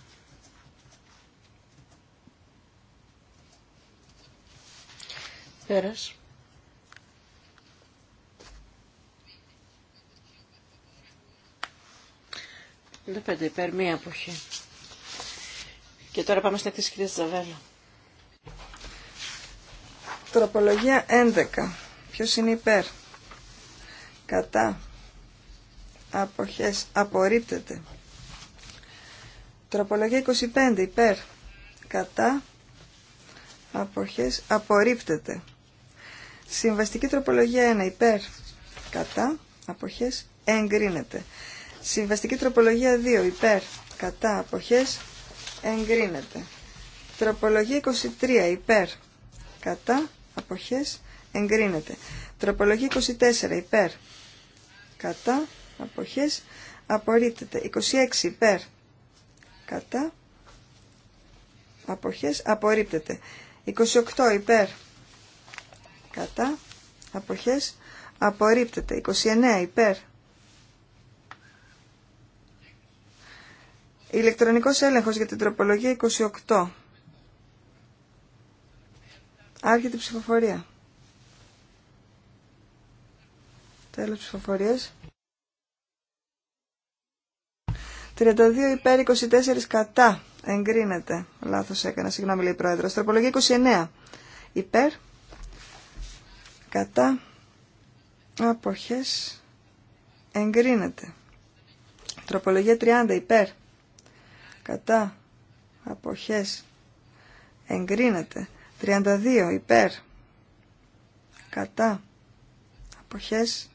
Πέρας. πέντε υπέρ, μία εποχή. Και τώρα πάμε στην έκθεση κυρία Τζαβέλα. Τροπολογία 11. Ποιος είναι υπέρ. Κατά. Αποχές. Απορρίπτεται. Τροπολογία 25. Υπέρ. Κατά. Αποχές. Απορρίπτεται. Συμβαστική τροπολογία 1. Υπέρ. Κατά. Αποχές. Εγκρίνεται. Συμβαστική τροπολογία 2 υπέρ κατά αποχές εγκρίνεται. Τροπολογία 23 υπέρ κατά αποχές εγκρίνεται. Τροπολογία 24 υπέρ κατά αποχές απορρίπτεται. 26 υπέρ κατά αποχές απορρίπτεται. 28 υπέρ κατά αποχές απορρίπτεται. 29 υπέρ Ηλεκτρονικός έλεγχος για την τροπολογία 28. Άρχεται η ψηφοφορία. Τέλος ψηφοφορίας. 32 υπέρ 24 κατά. Εγκρίνεται. Λάθος έκανα. Συγγνώμη λέει η Πρόεδρος. Τροπολογία 29. Υπέρ. Κατά. Αποχές. Εγκρίνεται. Τροπολογία 30. Υπέρ κατά αποχές εγκρίνεται 32 υπέρ κατά αποχές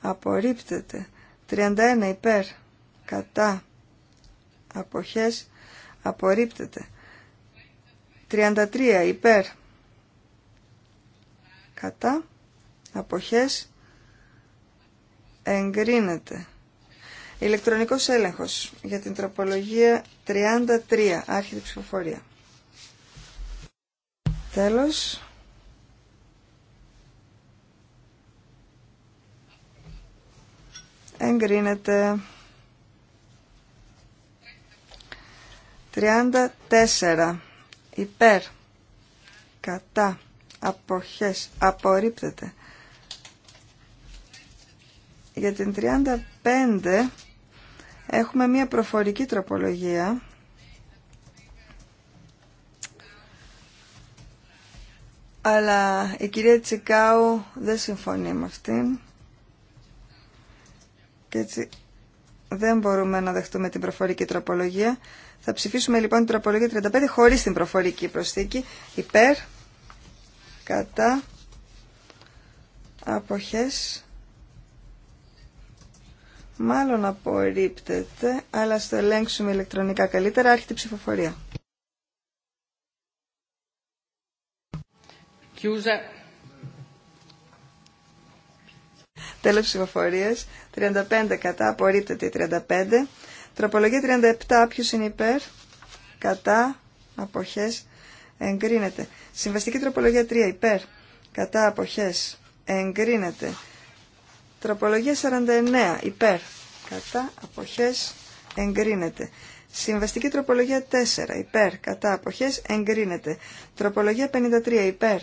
απορρίπτεται 31 υπέρ κατά αποχές απορρίπτεται 33 υπέρ κατά αποχές εγκρίνεται Ηλεκτρονικός έλεγχος για την τροπολογία 33, άρχιτη ψηφοφορία. Τέλος. Εγκρίνεται. 34. Υπέρ. Κατά. Αποχές. Απορρίπτεται. Για την 35 Έχουμε μία προφορική τροπολογία αλλά η κυρία Τσικάου δεν συμφωνεί με αυτήν και έτσι δεν μπορούμε να δεχτούμε την προφορική τροπολογία. Θα ψηφίσουμε λοιπόν την τροπολογία 35 χωρίς την προφορική προσθήκη υπέρ, κατά, αποχές, Μάλλον απορρίπτεται, αλλά στο ελέγξουμε ηλεκτρονικά καλύτερα. Άρχεται η ψηφοφορία. Κιούζα. Τέλος ψηφοφορίας. 35 κατά, απορρίπτεται 35. Τροπολογία 37, ποιος είναι υπέρ, κατά, αποχές, εγκρίνεται. Συμβαστική τροπολογία 3, υπέρ, κατά, αποχές, εγκρίνεται. Τροπολογία 49 υπέρ κατά αποχές εγκρίνεται. Συμβαστική τροπολογία 4 υπέρ κατά αποχές εγκρίνεται. Τροπολογία 53 υπέρ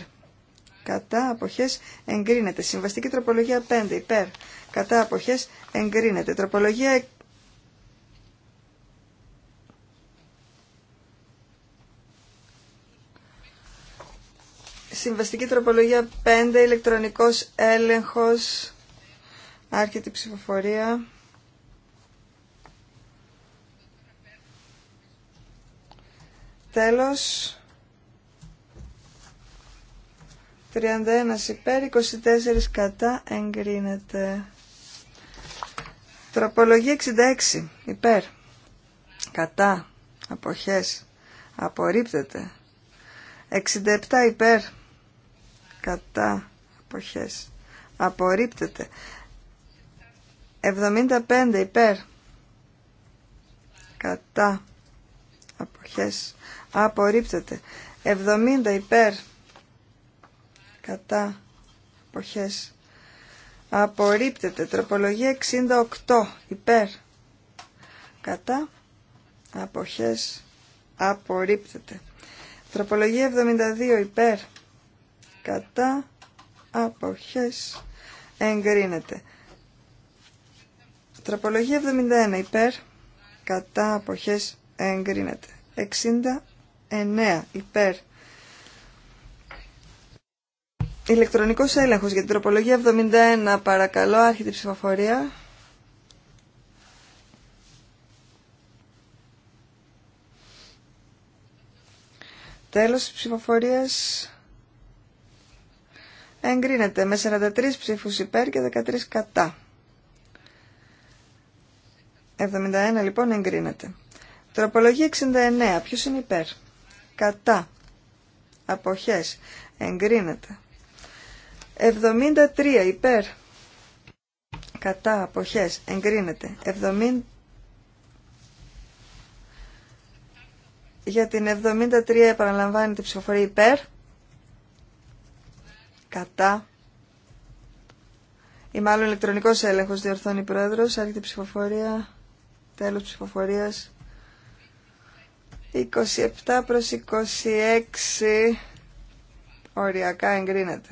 κατά αποχές εγκρίνεται. Συμβαστική τροπολογία 5 υπέρ κατά αποχές εγκρίνεται. Τροπολογία Συμβαστική τροπολογία 5, ηλεκτρονικός έλεγχος Άρχεται η ψηφοφορία. Τέλος. 31 υπέρ, 24 κατά, εγκρίνεται. Τροπολογία 66 υπέρ, κατά, αποχές, απορρίπτεται. 67 υπέρ, κατά, αποχές, απορρίπτεται. 75 υπέρ κατά αποχές απορρίπτεται 70 υπέρ κατά αποχές απορρίπτεται τροπολογία 68 υπέρ κατά αποχές απορρίπτεται τροπολογία 72 υπέρ κατά αποχές εγκρίνεται Τροπολογία 71 υπέρ, κατά αποχές εγκρίνεται. 69 υπέρ. Ηλεκτρονικός έλεγχος για την τροπολογία 71 παρακαλώ, άρχιτη ψηφοφορία. Τέλος της ψηφοφορίας εγκρίνεται με 43 ψήφους υπέρ και 13 κατά. 71 λοιπόν εγκρίνεται. Τροπολογία 69. Ποιος είναι υπέρ. Κατά. Αποχές. Εγκρίνεται. 73 υπέρ. Κατά. Αποχές. Εγκρίνεται. 70... Για την 73 επαναλαμβάνει την ψηφοφορία υπέρ. Κατά. Ή μάλλον ηλεκτρονικός έλεγχος διορθώνει η πρόεδρος. Άρχεται η ψηφοφορία. Τέλος ψηφοφορίας. 27 προς 26 οριακά εγκρίνεται.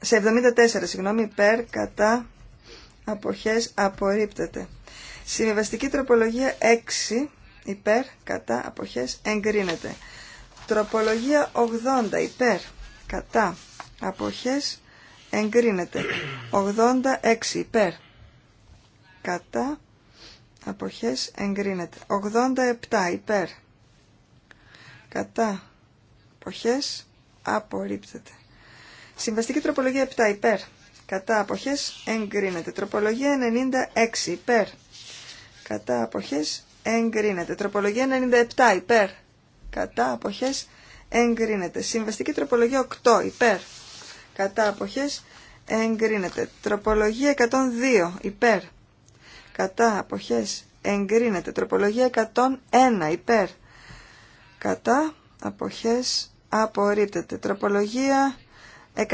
σε 74 συγγνώμη, υπέρ, κατά, αποχές, απορρίπτεται. Συμβιβαστική τροπολογία 6, υπέρ, κατά, αποχές, εγκρίνεται. Τροπολογία 80, υπέρ, κατά, αποχές εγκρίνεται 86 υπέρ κατά αποχές εγκρίνεται 87 υπέρ κατά αποχές απορρίπτεται συμβαστική τροπολογία 7 υπέρ κατά αποχές εγκρίνεται τροπολογία 96 υπέρ κατά αποχές εγκρίνεται τροπολογία 97 υπέρ κατά αποχές εγκρίνεται συμβαστική τροπολογία 8 υπέρ κατά αποχές εγκρίνεται. Τροπολογία 102 υπέρ κατά αποχές εγκρίνεται. Τροπολογία 101 υπέρ κατά αποχές απορρίπτεται. Τροπολογία 185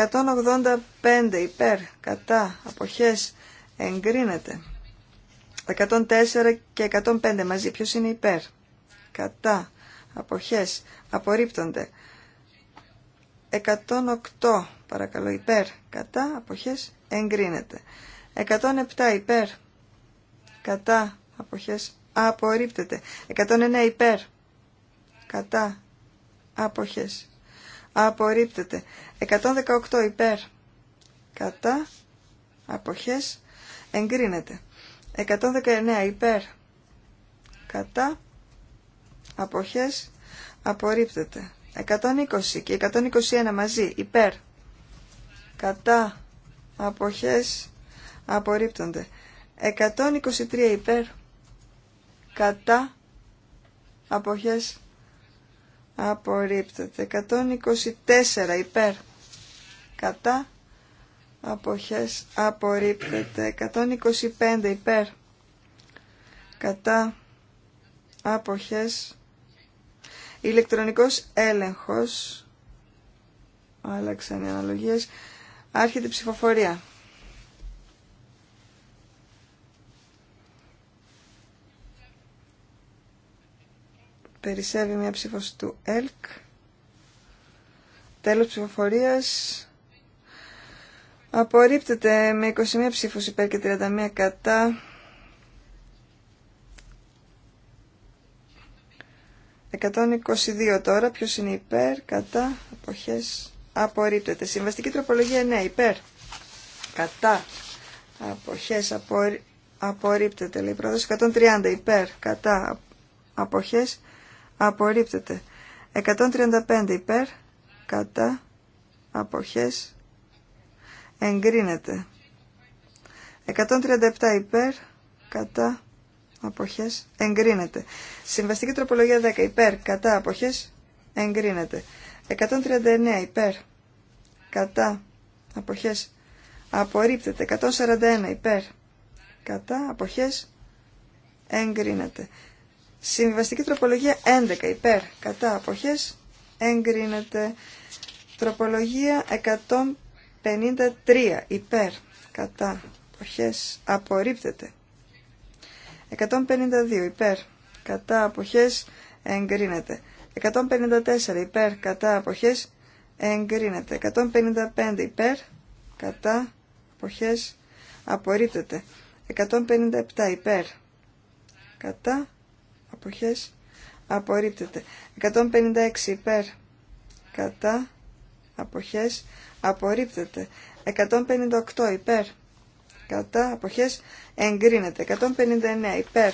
υπέρ κατά αποχές εγκρίνεται. 104 και 105 μαζί ποιος είναι υπέρ κατά αποχές απορρίπτονται. 108 παρακαλώ υπέρ κατά αποχές εγκρίνεται 107 υπέρ κατά αποχές απορρίπτεται 109 υπέρ κατά αποχές απορρίπτεται 118 υπέρ κατά αποχές εγκρίνεται 119 υπέρ κατά αποχές απορρίπτεται 120 και 121 μαζί υπέρ κατά αποχές απορρίπτονται 123 υπέρ κατά αποχές απορρίπτονται. 124 υπέρ κατά αποχές απορρίπτονται. 125 υπέρ κατά αποχές Ηλεκτρονικός έλεγχος. Άλλαξαν οι αναλογίες. Άρχεται η ψηφοφορία. Περισσεύει μια ψήφος του ΕΛΚ. Τέλος ψηφοφορίας. Απορρίπτεται με 21 ψήφους υπέρ και 31 κατά 122 τώρα. ποιο είναι υπέρ, κατά, αποχές, απορρίπτεται. Συμβαστική τροπολογία 9. Ναι, υπέρ, κατά, αποχές, απορρίπτεται. Απορρίπτεται, λέει πρόεδρος. 130 υπέρ, κατά, αποχές, απορρίπτεται. 135 υπέρ, κατά, αποχές, εγκρίνεται. 137 υπέρ, κατά, αποχές εγκρίνεται. Συμβαστική τροπολογία 10 υπέρ κατά αποχές εγκρίνεται. 139 υπέρ κατά αποχές απορρίπτεται. 141 υπέρ κατά αποχές εγκρίνεται. Συμβαστική τροπολογία 11 υπέρ κατά αποχές εγκρίνεται. Τροπολογία 153 υπέρ κατά αποχές απορρίπτεται. 152 υπέρ κατά αποχές εγκρίνεται. 154 υπέρ κατά αποχές εγκρίνεται. 155 υπέρ κατά αποχές απορρίπτεται. 157 υπέρ κατά αποχές απορρίπτεται. 156 υπέρ κατά αποχές απορρίπτεται. 158 υπέρ κατά αποχές εγκρίνεται. 159 υπέρ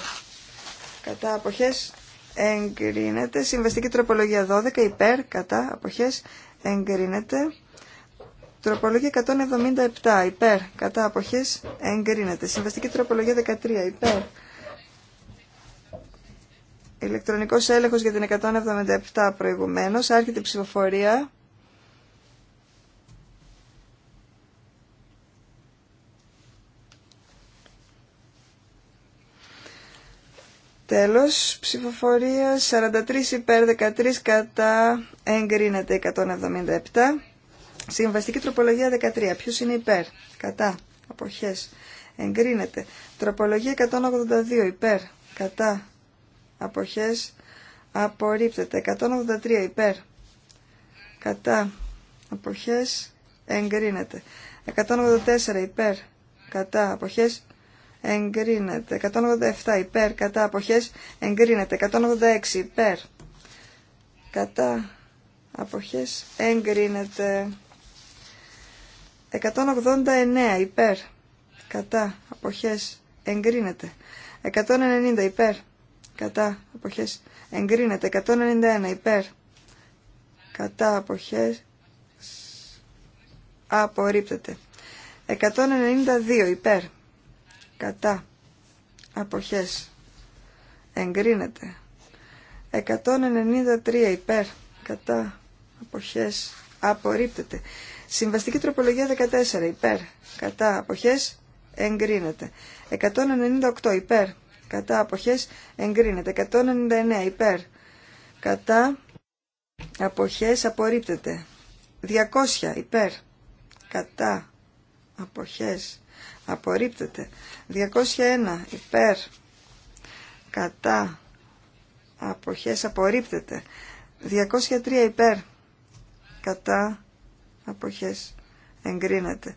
κατά αποχές εγκρίνεται. Συμβαστική τροπολογία 12 υπέρ κατά αποχές εγκρίνεται. Τροπολογία 177 υπέρ κατά αποχές εγκρίνεται. Συμβαστική τροπολογία 13 υπέρ. Ηλεκτρονικός έλεγχος για την 177 προηγουμένως. Άρχεται η ψηφοφορία. Τέλος, ψηφοφορία 43 υπέρ 13 κατά εγκρίνεται 177. Συμβαστική τροπολογία 13. Ποιος είναι υπέρ, κατά, αποχές, εγκρίνεται. Τροπολογία 182 υπέρ, κατά, αποχές, απορρίπτεται. 183 υπέρ, κατά, αποχές, εγκρίνεται. 184 υπέρ, κατά, αποχές, εγκρίνεται. 187 υπέρ, κατά αποχές εγκρίνεται. 186 υπέρ, κατά αποχές εγκρίνεται. 189 υπέρ, κατά αποχές εγκρίνεται. 190 υπέρ, κατά αποχές εγκρίνεται. 191 υπέρ, κατά αποχές απορρίπτεται. 192 υπέρ, κατά αποχές εγκρίνεται 193 υπέρ κατά αποχές απορρίπτεται συμβαστική τροπολογία 14 υπέρ κατά αποχές εγκρίνεται 198 υπέρ κατά αποχές εγκρίνεται 199 υπέρ κατά αποχές απορρίπτεται 200 υπέρ κατά αποχές απορρίπτεται 201 υπέρ κατά αποχές απορρίπτεται 203 υπέρ κατά αποχές εγκρίνεται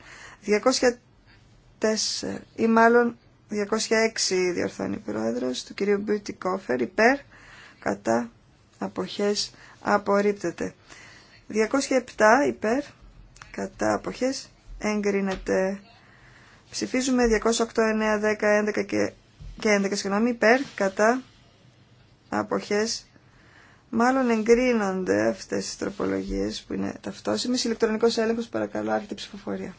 204 ή μάλλον 206 διορθώνει η πρόεδρος του κυρίου Μπιούτι Κόφερ υπέρ κατά αποχές απορρίπτεται 207 υπέρ κατά αποχές εγκρίνεται Ψηφίζουμε 208, 9, 10, 11 και, 11, συγγνώμη, υπέρ, κατά, αποχές. Μάλλον εγκρίνονται αυτές τις τροπολογίες που είναι ταυτόσιμες. Ηλεκτρονικός έλεγχος, παρακαλώ, άρχεται η ψηφοφορία.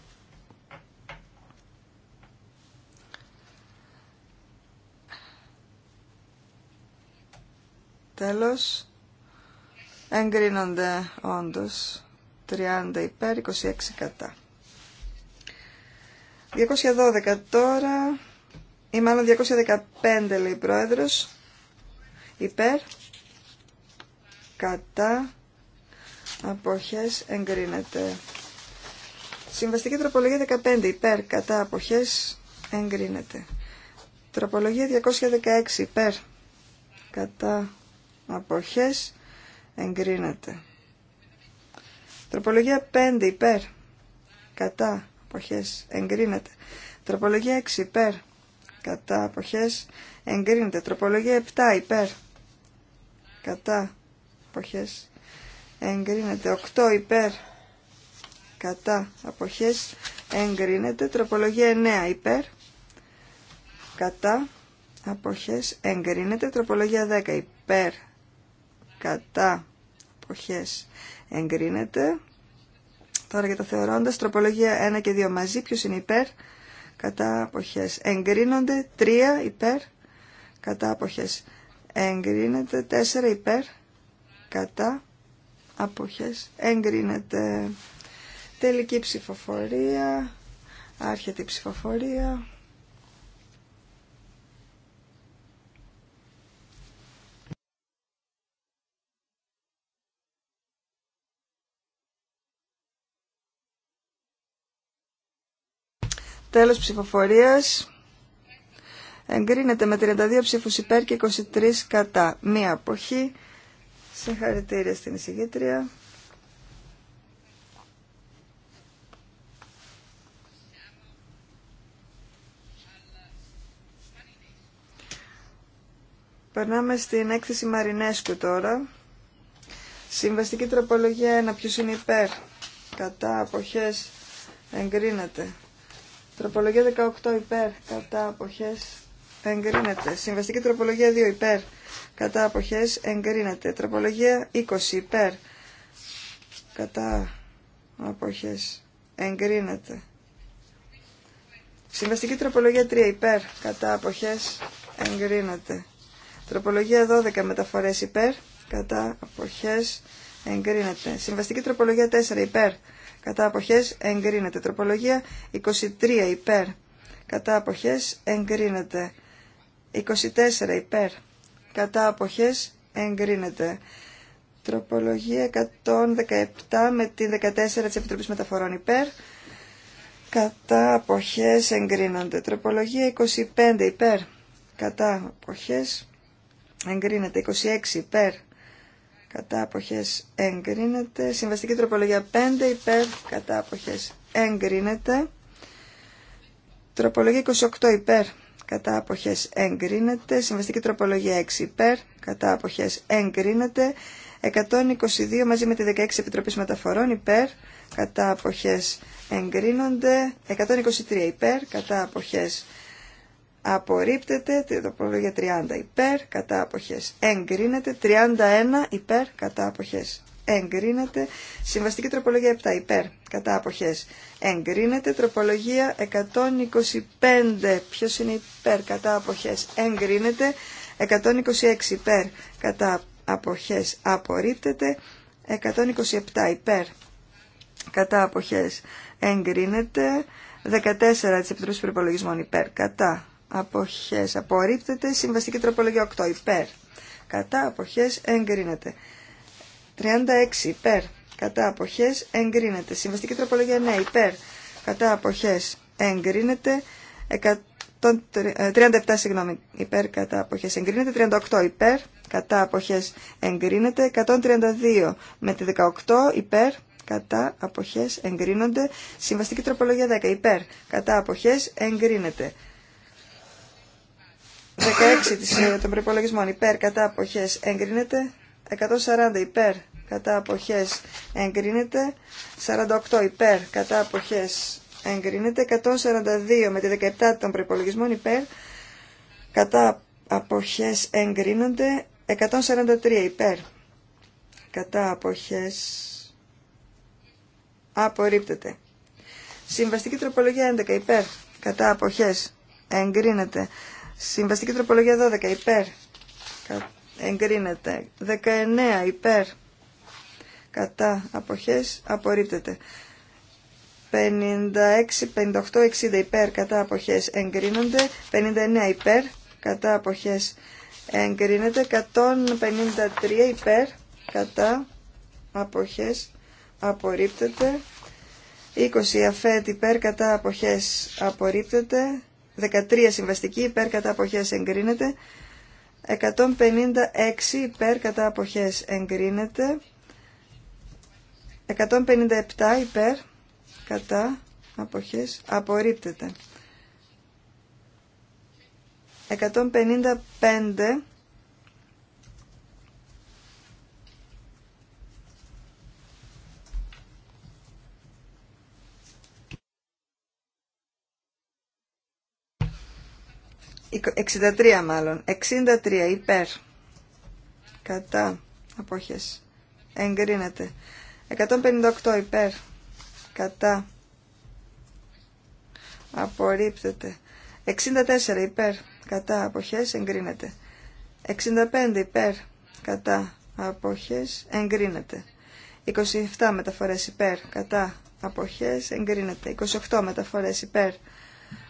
Τέλος, εγκρίνονται όντως 30 υπέρ, 26 κατά. 212 τώρα, ή μάλλον 215 λέει η πρόεδρος, λεει κατά, αποχές εγκρίνεται. Συμβαστική τροπολογία 15, υπέρ, κατά, αποχές εγκρίνεται. Τροπολογία 216, υπέρ, κατά, αποχές εγκρίνεται. Τροπολογία 5, υπέρ, κατά, εποχές εγκρίνεται. Τροπολογία 6 υπέρ κατά εποχές εγκρίνεται. Τροπολογία 7 υπέρ κατά εποχές εγκρίνεται. 8 υπέρ κατά εποχές εγκρίνεται. Τροπολογία 9 υπέρ κατά εποχές εγκρίνεται. Τροπολογία 10 υπέρ κατά εποχές εγκρίνεται. Τώρα για τα θεωρώντα, τροπολογία 1 και 2 μαζί, Ποιο είναι υπέρ, κατά αποχέ. Εγκρίνονται 3 υπέρ, κατά αποχέ. Εγκρίνεται 4 υπέρ, κατά αποχέ. Εγκρίνεται τελική ψηφοφορία, άρχεται η ψηφοφορία. Τέλος ψηφοφορίας. Εγκρίνεται με 32 ψήφους υπέρ και 23 κατά. Μία αποχή. Συγχαρητήρια στην εισηγήτρια. Περνάμε στην έκθεση Μαρινέσκου τώρα. Συμβαστική τροπολογία 1. Ποιος είναι υπέρ. Κατά αποχές εγκρίνεται. Τροπολογία 18 υπέρ κατά αποχές εγκρίνεται. Συμβαστική τροπολογία 2 υπέρ κατά αποχές εγκρίνεται. Τροπολογία 20 υπέρ κατά αποχές εγκρίνεται. Συμβαστική τροπολογία 3 υπέρ κατά αποχές εγκρίνεται. Τροπολογία 12 μεταφορές υπέρ κατά αποχές εγκρίνεται. Συμβαστική τροπολογία 4 υπέρ κατά αποχές εγκρίνεται. Τροπολογία 23 υπέρ, κατά αποχές εγκρίνεται. 24 υπέρ, κατά αποχές εγκρίνεται. Τροπολογία 117 με την 14 της Επιτροπής Μεταφορών υπέρ, κατά αποχές εγκρίνονται. Τροπολογία 25 υπέρ, κατά αποχές εγκρίνεται. 26 υπέρ, κατά αποχές εγκρίνεται. Συμβαστική τροπολογία 5 υπέρ κατά αποχές εγκρίνεται. Τροπολογία 28 υπέρ κατά αποχές εγκρίνεται. Συμβαστική τροπολογία 6 υπέρ κατά αποχές εγκρίνεται. 122 μαζί με τη 16 Επιτροπής Μεταφορών υπέρ κατά αποχές εγκρίνονται. 123 υπέρ κατά αποχές εγκρίνονται απορρίπτεται, τροπολογία 30 υπέρ, κατά αποχές εγκρίνεται, 31 υπέρ, κατά αποχές εγκρίνεται, συμβαστική τροπολογία 7 υπέρ, κατά αποχές εγκρίνεται, τροπολογία 125, ποιος είναι υπέρ, κατά αποχές εγκρίνεται, 126 υπέρ, κατά αποχές απορρίπτεται, 127 υπέρ, κατά αποχές εγκρίνεται, 14 της Επιτροπής Προπολογισμών υπέρ, κατά αποχές απορρίπτεται. Συμβαστική τροπολογία 8 υπέρ. Κατά αποχές εγκρίνεται. 36 υπέρ. Κατά αποχές εγκρίνεται. Συμβαστική τροπολογία 9 ναι. υπέρ. Κατά αποχές εγκρίνεται. 37 ε, συγγνώμη, υπέρ κατά αποχές εγκρίνεται, 38 υπέρ κατά αποχές εγκρίνεται, 132 με τη 18 υπέρ κατά αποχές εγκρίνονται, συμβαστική τροπολογία 10 υπέρ κατά αποχές εγκρίνεται. 16 ε, των προπολογισμών υπέρ κατά αποχές εγκρίνεται. 140 υπέρ κατά αποχές εγκρίνεται. 48 υπέρ κατά αποχές εγκρίνεται. 142 με τη 17 των προπολογισμών υπέρ κατά αποχές εγκρίνονται. 143 υπέρ κατά αποχές απορρίπτεται. Συμβαστική τροπολογία 11 υπέρ κατά αποχές εγκρίνεται. Συμβαστική τροπολογία 12 υπέρ. Εγκρίνεται. 19 υπέρ. Κατά αποχές απορρίπτεται. 56, 58, 60 υπέρ κατά αποχές εγκρίνονται. 59 υπέρ κατά αποχές εγκρίνεται. 153 υπέρ κατά αποχές απορρίπτεται. 20 αφέτ υπέρ κατά αποχές απορρίπτεται. 13 συμβαστική υπέρ κατά αποχές εγκρίνεται. 156 υπέρ κατά αποχές εγκρίνεται. 157 υπέρ κατά αποχές απορρίπτεται. 155 63 μάλλον. 63 υπέρ. Κατά. Απόχες. Εγκρίνεται. 158 υπέρ. Κατά. Απορρίπτεται. 64 υπέρ. Κατά. Αποχές. Εγκρίνεται. 65 υπέρ. Κατά. Αποχές. Εγκρίνεται. 27 μεταφορές υπέρ. Κατά. Αποχές. Εγκρίνεται. 28 μεταφορές υπέρ.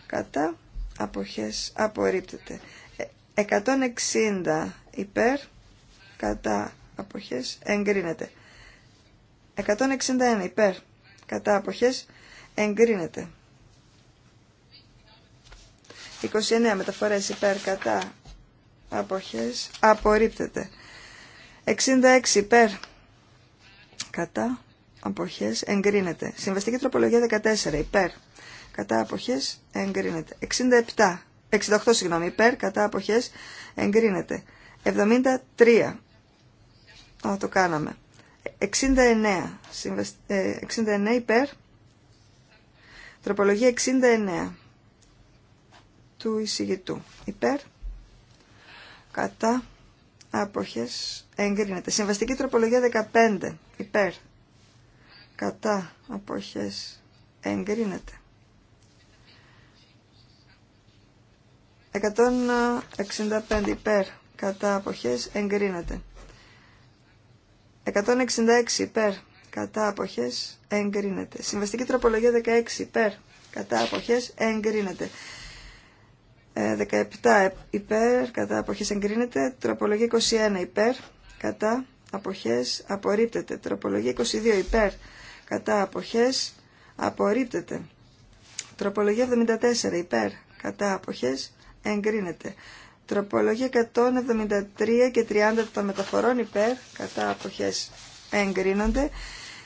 Κατά αποχές απορρίπτεται. 160 υπέρ κατά αποχές εγκρίνεται. 161 υπέρ κατά αποχές εγκρίνεται. 29 μεταφορές υπέρ κατά αποχές απορρίπτεται. 66 υπέρ κατά αποχές εγκρίνεται. Συμβαστική τροπολογία 14 υπέρ κατά αποχές εγκρίνεται. 67, 68 συγγνώμη, υπέρ κατά αποχές εγκρίνεται. 73, Α, το κάναμε. 69, 69 ε, υπέρ, τροπολογία 69 του εισηγητού. Υπέρ, κατά, άποχες, εγκρίνεται. Συμβαστική τροπολογία 15, υπέρ, κατά, άποχες, εγκρίνεται. 165 υπέρ κατά αποχές εγκρίνεται. 166 υπέρ κατά αποχές εγκρίνεται. Συμβαστική τροπολογία 16 υπέρ κατά αποχές εγκρίνεται. 17 ε, υπέρ κατά αποχές εγκρίνεται. Τροπολογία 21 υπέρ κατά αποχές απορρίπτεται. Τροπολογία 22 υπέρ κατά αποχές απορρίπτεται. Τροπολογία 74 υπέρ κατά αποχές εγκρίνεται. Τροπολογία 173 και 30 των μεταφορών υπέρ, κατά αποχές εγκρίνονται.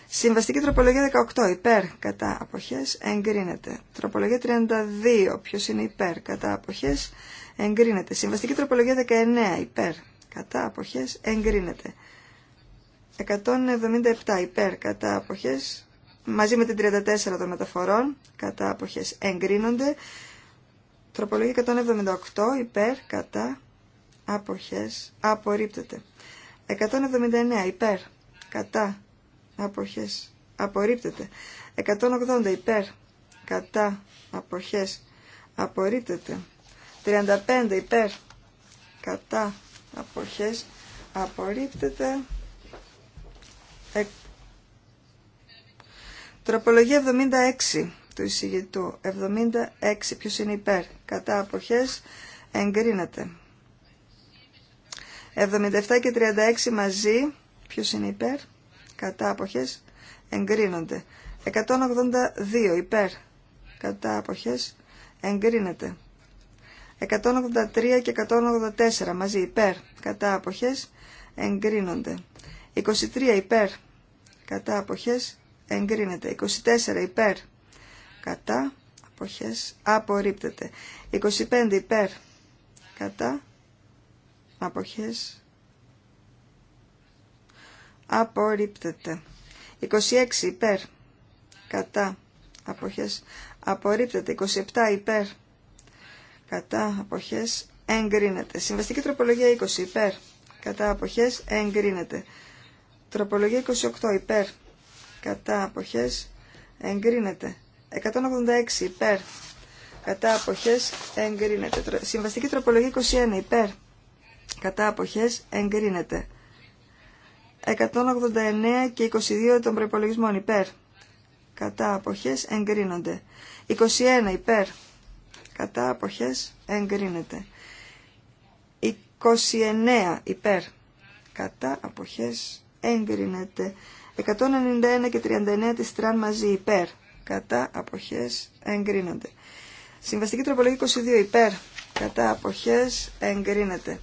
Συμβαστική τροπολογία 18 υπέρ, κατά αποχές εγκρίνεται. Τροπολογία 32, ποιος είναι υπέρ, κατά αποχές εγκρίνεται. Συμβαστική τροπολογία 19 υπέρ, κατά αποχές εγκρίνεται. 177 υπέρ, κατά αποχές μαζί με την 34 των μεταφορών, κατά αποχές εγκρίνονται. Τροπολογία 178 υπέρ κατά αποχές απορρίπτεται. 179 υπέρ κατά αποχές απορρίπτεται. 180 υπέρ κατά αποχές απορρίπτεται. 35 υπέρ κατά αποχές απορρίπτεται. Τροπολογία 76 του εισηγητού. 76. Ποιο είναι υπέρ. Κατά αποχέ. εγκρίνεται. 77 και 36 μαζί. Ποιο είναι υπέρ. Κατά αποχέ. εγκρίνονται. 182 υπέρ. Κατά αποχέ. εγκρίνεται. 183 και 184 μαζί υπέρ. Κατά αποχέ. εγκρίνονται. 23 υπέρ. Κατά αποχέ. εγκρίνεται. 24 υπέρ κατά, αποχές, απορρίπτεται. 25 υπέρ, κατά, αποχές, απορρίπτεται. 26 υπέρ, κατά, αποχές, απορρίπτεται. 27 υπέρ, κατά, αποχές, εγκρίνεται. Συμβαστική τροπολογία 20 υπέρ, κατά, αποχές, εγκρίνεται. Τροπολογία 28 υπέρ, κατά, αποχές, εγκρίνεται. 186 υπέρ. Κατά απόχέ εγκρίνεται. Συμβαστική τροπολογία 21 υπέρ. Κατά αποχέ εγκρίνεται. 189 και 22 των προπολογισμών υπέρ. Κατά απόχε εγκρίνονται. 21 υπέρ. Κατά απόχέ εγκρίνεται. 29 υπέρ. Κατά απόχέ εγκρίνεται. 191 και 39 τη τραν μαζί υπέρ κατά αποχές εγκρίνονται. Συμβαστική τροπολογία 22 υπέρ κατά αποχές εγκρίνεται.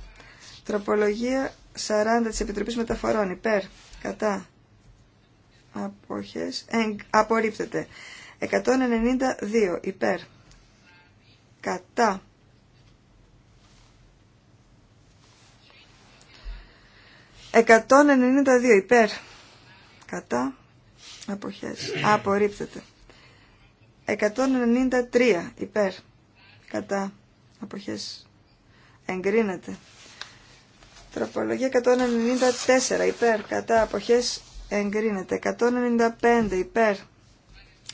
Τροπολογία 40 της Επιτροπής Μεταφορών υπέρ κατά αποχές εγ, απορρίπτεται. 192 υπέρ κατά «192 υπέρ» κατά αποχές. Απορρίπτεται. 193 υπέρ κατά αποχές εγκρίνεται. Τροπολογία 194 υπέρ κατά αποχές εγκρίνεται. 195 υπέρ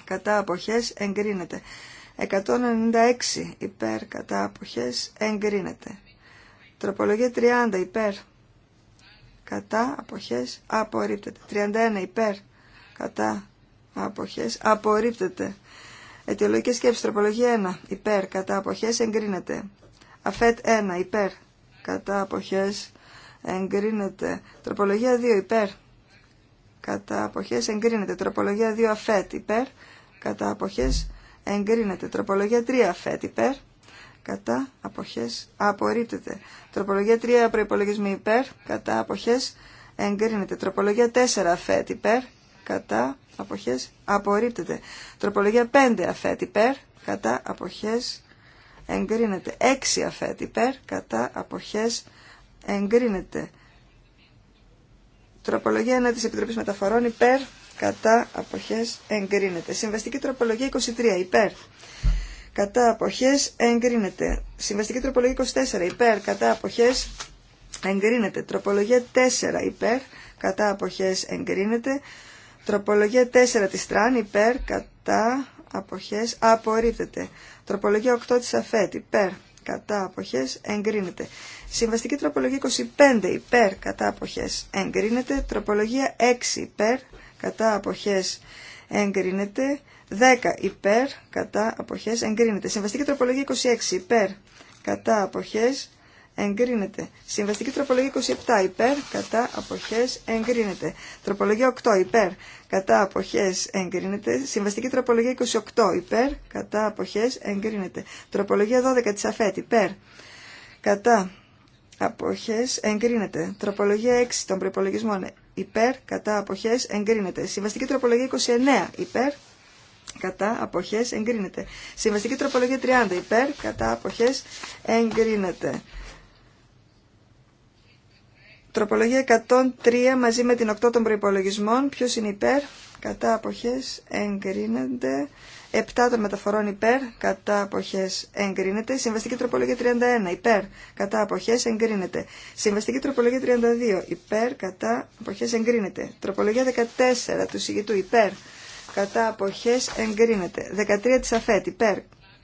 κατά αποχές εγκρίνεται. 196 υπέρ κατά αποχές εγκρίνεται. Τροπολογία 30 υπέρ κατά αποχές απορρίπτεται. 31 υπέρ κατά αποχές απορρίπτεται. Αιτιολογική σκέψη, τροπολογία 1. Υπέρ, κατά απόχέ, εγκρίνεται. Αφέτ 1. Υπέρ, κατά απόχέ. εγκρίνεται. Τροπολογία 2. Υπέρ, κατά απόχέ, εγκρίνεται. Τροπολογία 2. Αφέτ, υπέρ, κατά απόχέ. εγκρίνεται. Τροπολογία 3. Αφέτ, υπέρ, κατά απόχέ. απορρίπτεται. Τροπολογία 3. Προπολογισμοί υπέρ, κατά απόχέ. εγκρίνεται. Τροπολογία 4. Αφέτ, υπέρ, κατά, αποχές, απορρίπτεται. Τροπολογία 5 αφέτη υπέρ, κατά, αποχές, εγκρίνεται. 6 αφέτη υπέρ, κατά, αποχές, εγκρίνεται. Τροπολογία 1 της Επιτροπής Μεταφορών υπέρ, κατά, αποχές, εγκρίνεται. Συμβαστική τροπολογία 23 υπέρ. Κατά αποχές εγκρίνεται. Συμβαστική τροπολογία 24 υπέρ. Κατά αποχές εγκρίνεται. Τροπολογία 4 υπέρ. Κατά αποχές εγκρίνεται. Τροπολογία 4 της Τραν υπέρ κατά αποχές απορρίπτεται. Τροπολογία 8 της Αφέτ υπέρ κατά αποχές εγκρίνεται. Συμβαστική τροπολογία 25 υπέρ κατά αποχές εγκρίνεται. Τροπολογία 6 υπέρ κατά αποχές εγκρίνεται. 10 υπέρ κατά αποχές εγκρίνεται. Συμβαστική τροπολογία 26 υπέρ κατά αποχές εγκρίνεται. Συμβαστική τροπολογία 27 υπέρ, κατά αποχές εγκρίνεται. Τροπολογία 8 υπέρ, κατά αποχές εγκρίνεται. Συμβαστική τροπολογία 28 υπέρ, κατά αποχές εγκρίνεται. Τροπολογία 12 της ΑΦΕΤ υπέρ, κατά αποχές εγκρίνεται. Τροπολογία 6 των προπολογισμών υπέρ, κατά αποχές εγκρίνεται. Συμβαστική τροπολογία 29 υπέρ, κατά αποχές εγκρίνεται. Συμβαστική τροπολογία 30 υπέρ, κατά αποχές εγκρίνεται. Τροπολογία 103 μαζί με την 8 των προϋπολογισμών. Ποιος είναι υπέρ, κατά αποχές, εγκρίνεται. 7 των μεταφορών υπέρ, κατά αποχές, εγκρίνεται. Συμβαστική τροπολογία 31, υπέρ, κατά αποχές, εγκρίνεται. Συμβαστική τροπολογία 32, υπέρ, κατά αποχές, εγκρίνεται. Τροπολογία 14 του συγητού, υπέρ, κατά αποχές, εγκρίνεται. 13 της αφέτη, υπέρ,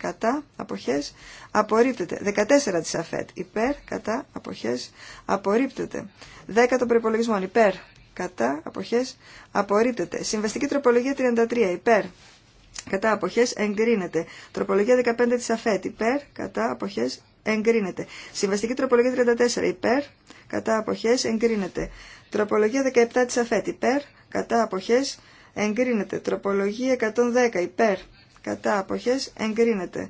κατά, αποχές, απορρίπτεται. 14 της ΑΦΕΤ, υπέρ, κατά, αποχές, απορρίπτεται. 10 των προπολογισμών, υπέρ, κατά, αποχές, απορρίπτεται. Συμβαστική τροπολογία 33, υπέρ, κατά, αποχές, εγκρίνεται. Τροπολογία 15 της ΑΦΕΤ, υπέρ, κατά, αποχές, εγκρίνεται. Συμβαστική τροπολογία 34, υπέρ, κατά, αποχές, εγκρίνεται. Τροπολογία 17 της ΑΦΕΤ, υπέρ, κατά, αποχές, εγκρίνεται. Τροπολογία 110, υπέρ, κατά αποχές εγκρίνεται.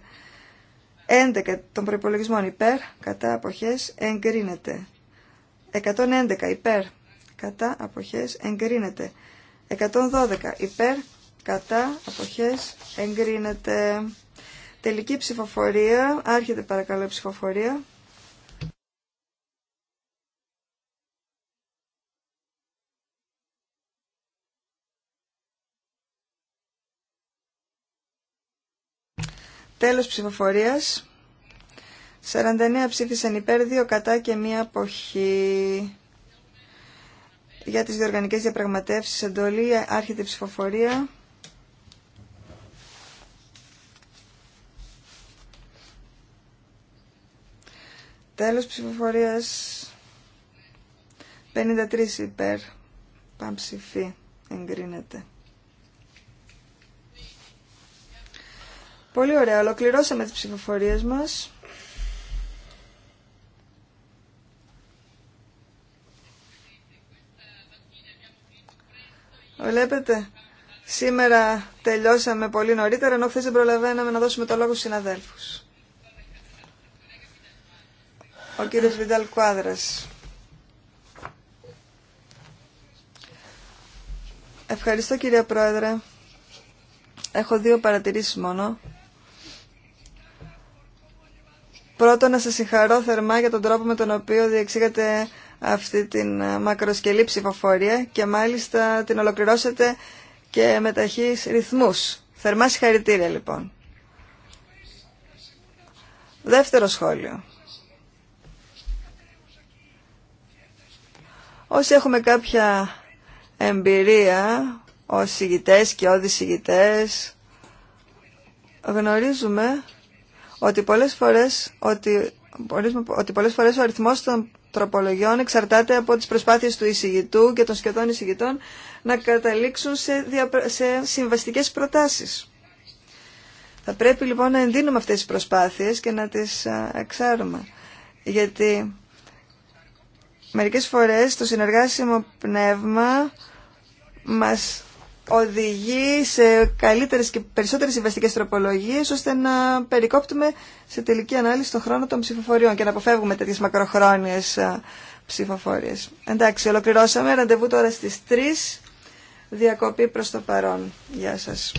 11 των προπολογισμών υπέρ, κατά αποχές εγκρίνεται. 111 υπέρ, κατά αποχές εγκρίνεται. 112 υπέρ, κατά αποχές εγκρίνεται. Τελική ψηφοφορία, άρχεται παρακαλώ η ψηφοφορία. Τέλος ψηφοφορίας. 49 ψήφισαν υπέρ, 2 κατά και μία αποχή. Για τις διοργανικές διαπραγματεύσεις εντολή άρχεται η ψηφοφορία. Τέλος ψηφοφορίας 53 υπέρ. Πανψηφί εγκρίνεται. Πολύ ωραία. Ολοκληρώσαμε τις ψηφοφορίες μας. Βλέπετε, σήμερα τελειώσαμε πολύ νωρίτερα, ενώ χθες δεν προλαβαίναμε να δώσουμε το λόγο στους συναδέλφους. Ο κύριος Βιντάλ Κουάδρας. Ευχαριστώ κύριε Πρόεδρε. Έχω δύο παρατηρήσεις μόνο. Πρώτον, να σα συγχαρώ θερμά για τον τρόπο με τον οποίο διεξήγατε αυτή την ε, μακροσκελή ψηφοφορία και μάλιστα την ολοκληρώσετε και με ταχύ ρυθμούς. Θερμά συγχαρητήρια λοιπόν. Δεύτερο σχόλιο. Όσοι έχουμε κάποια εμπειρία ως ηγητές και όδης ηγητές, γνωρίζουμε ότι πολλές φορές, ότι, πολλές φορές ο αριθμός των τροπολογιών εξαρτάται από τις προσπάθειες του εισηγητού και των σχεδόν εισηγητών να καταλήξουν σε, διαπρα... σε συμβαστικές προτάσεις. Θα πρέπει λοιπόν να ενδύνουμε αυτές τις προσπάθειες και να τις εξάρουμε. Γιατί μερικές φορές το συνεργάσιμο πνεύμα μας οδηγεί σε καλύτερες και περισσότερες συμβαστικές τροπολογίες ώστε να περικόπτουμε σε τελική ανάλυση τον χρόνο των ψηφοφοριών και να αποφεύγουμε τέτοιες μακροχρόνιες ψηφοφορίες. Εντάξει, ολοκληρώσαμε. Ραντεβού τώρα στις 3. Διακοπή προς το παρόν. Γεια σας.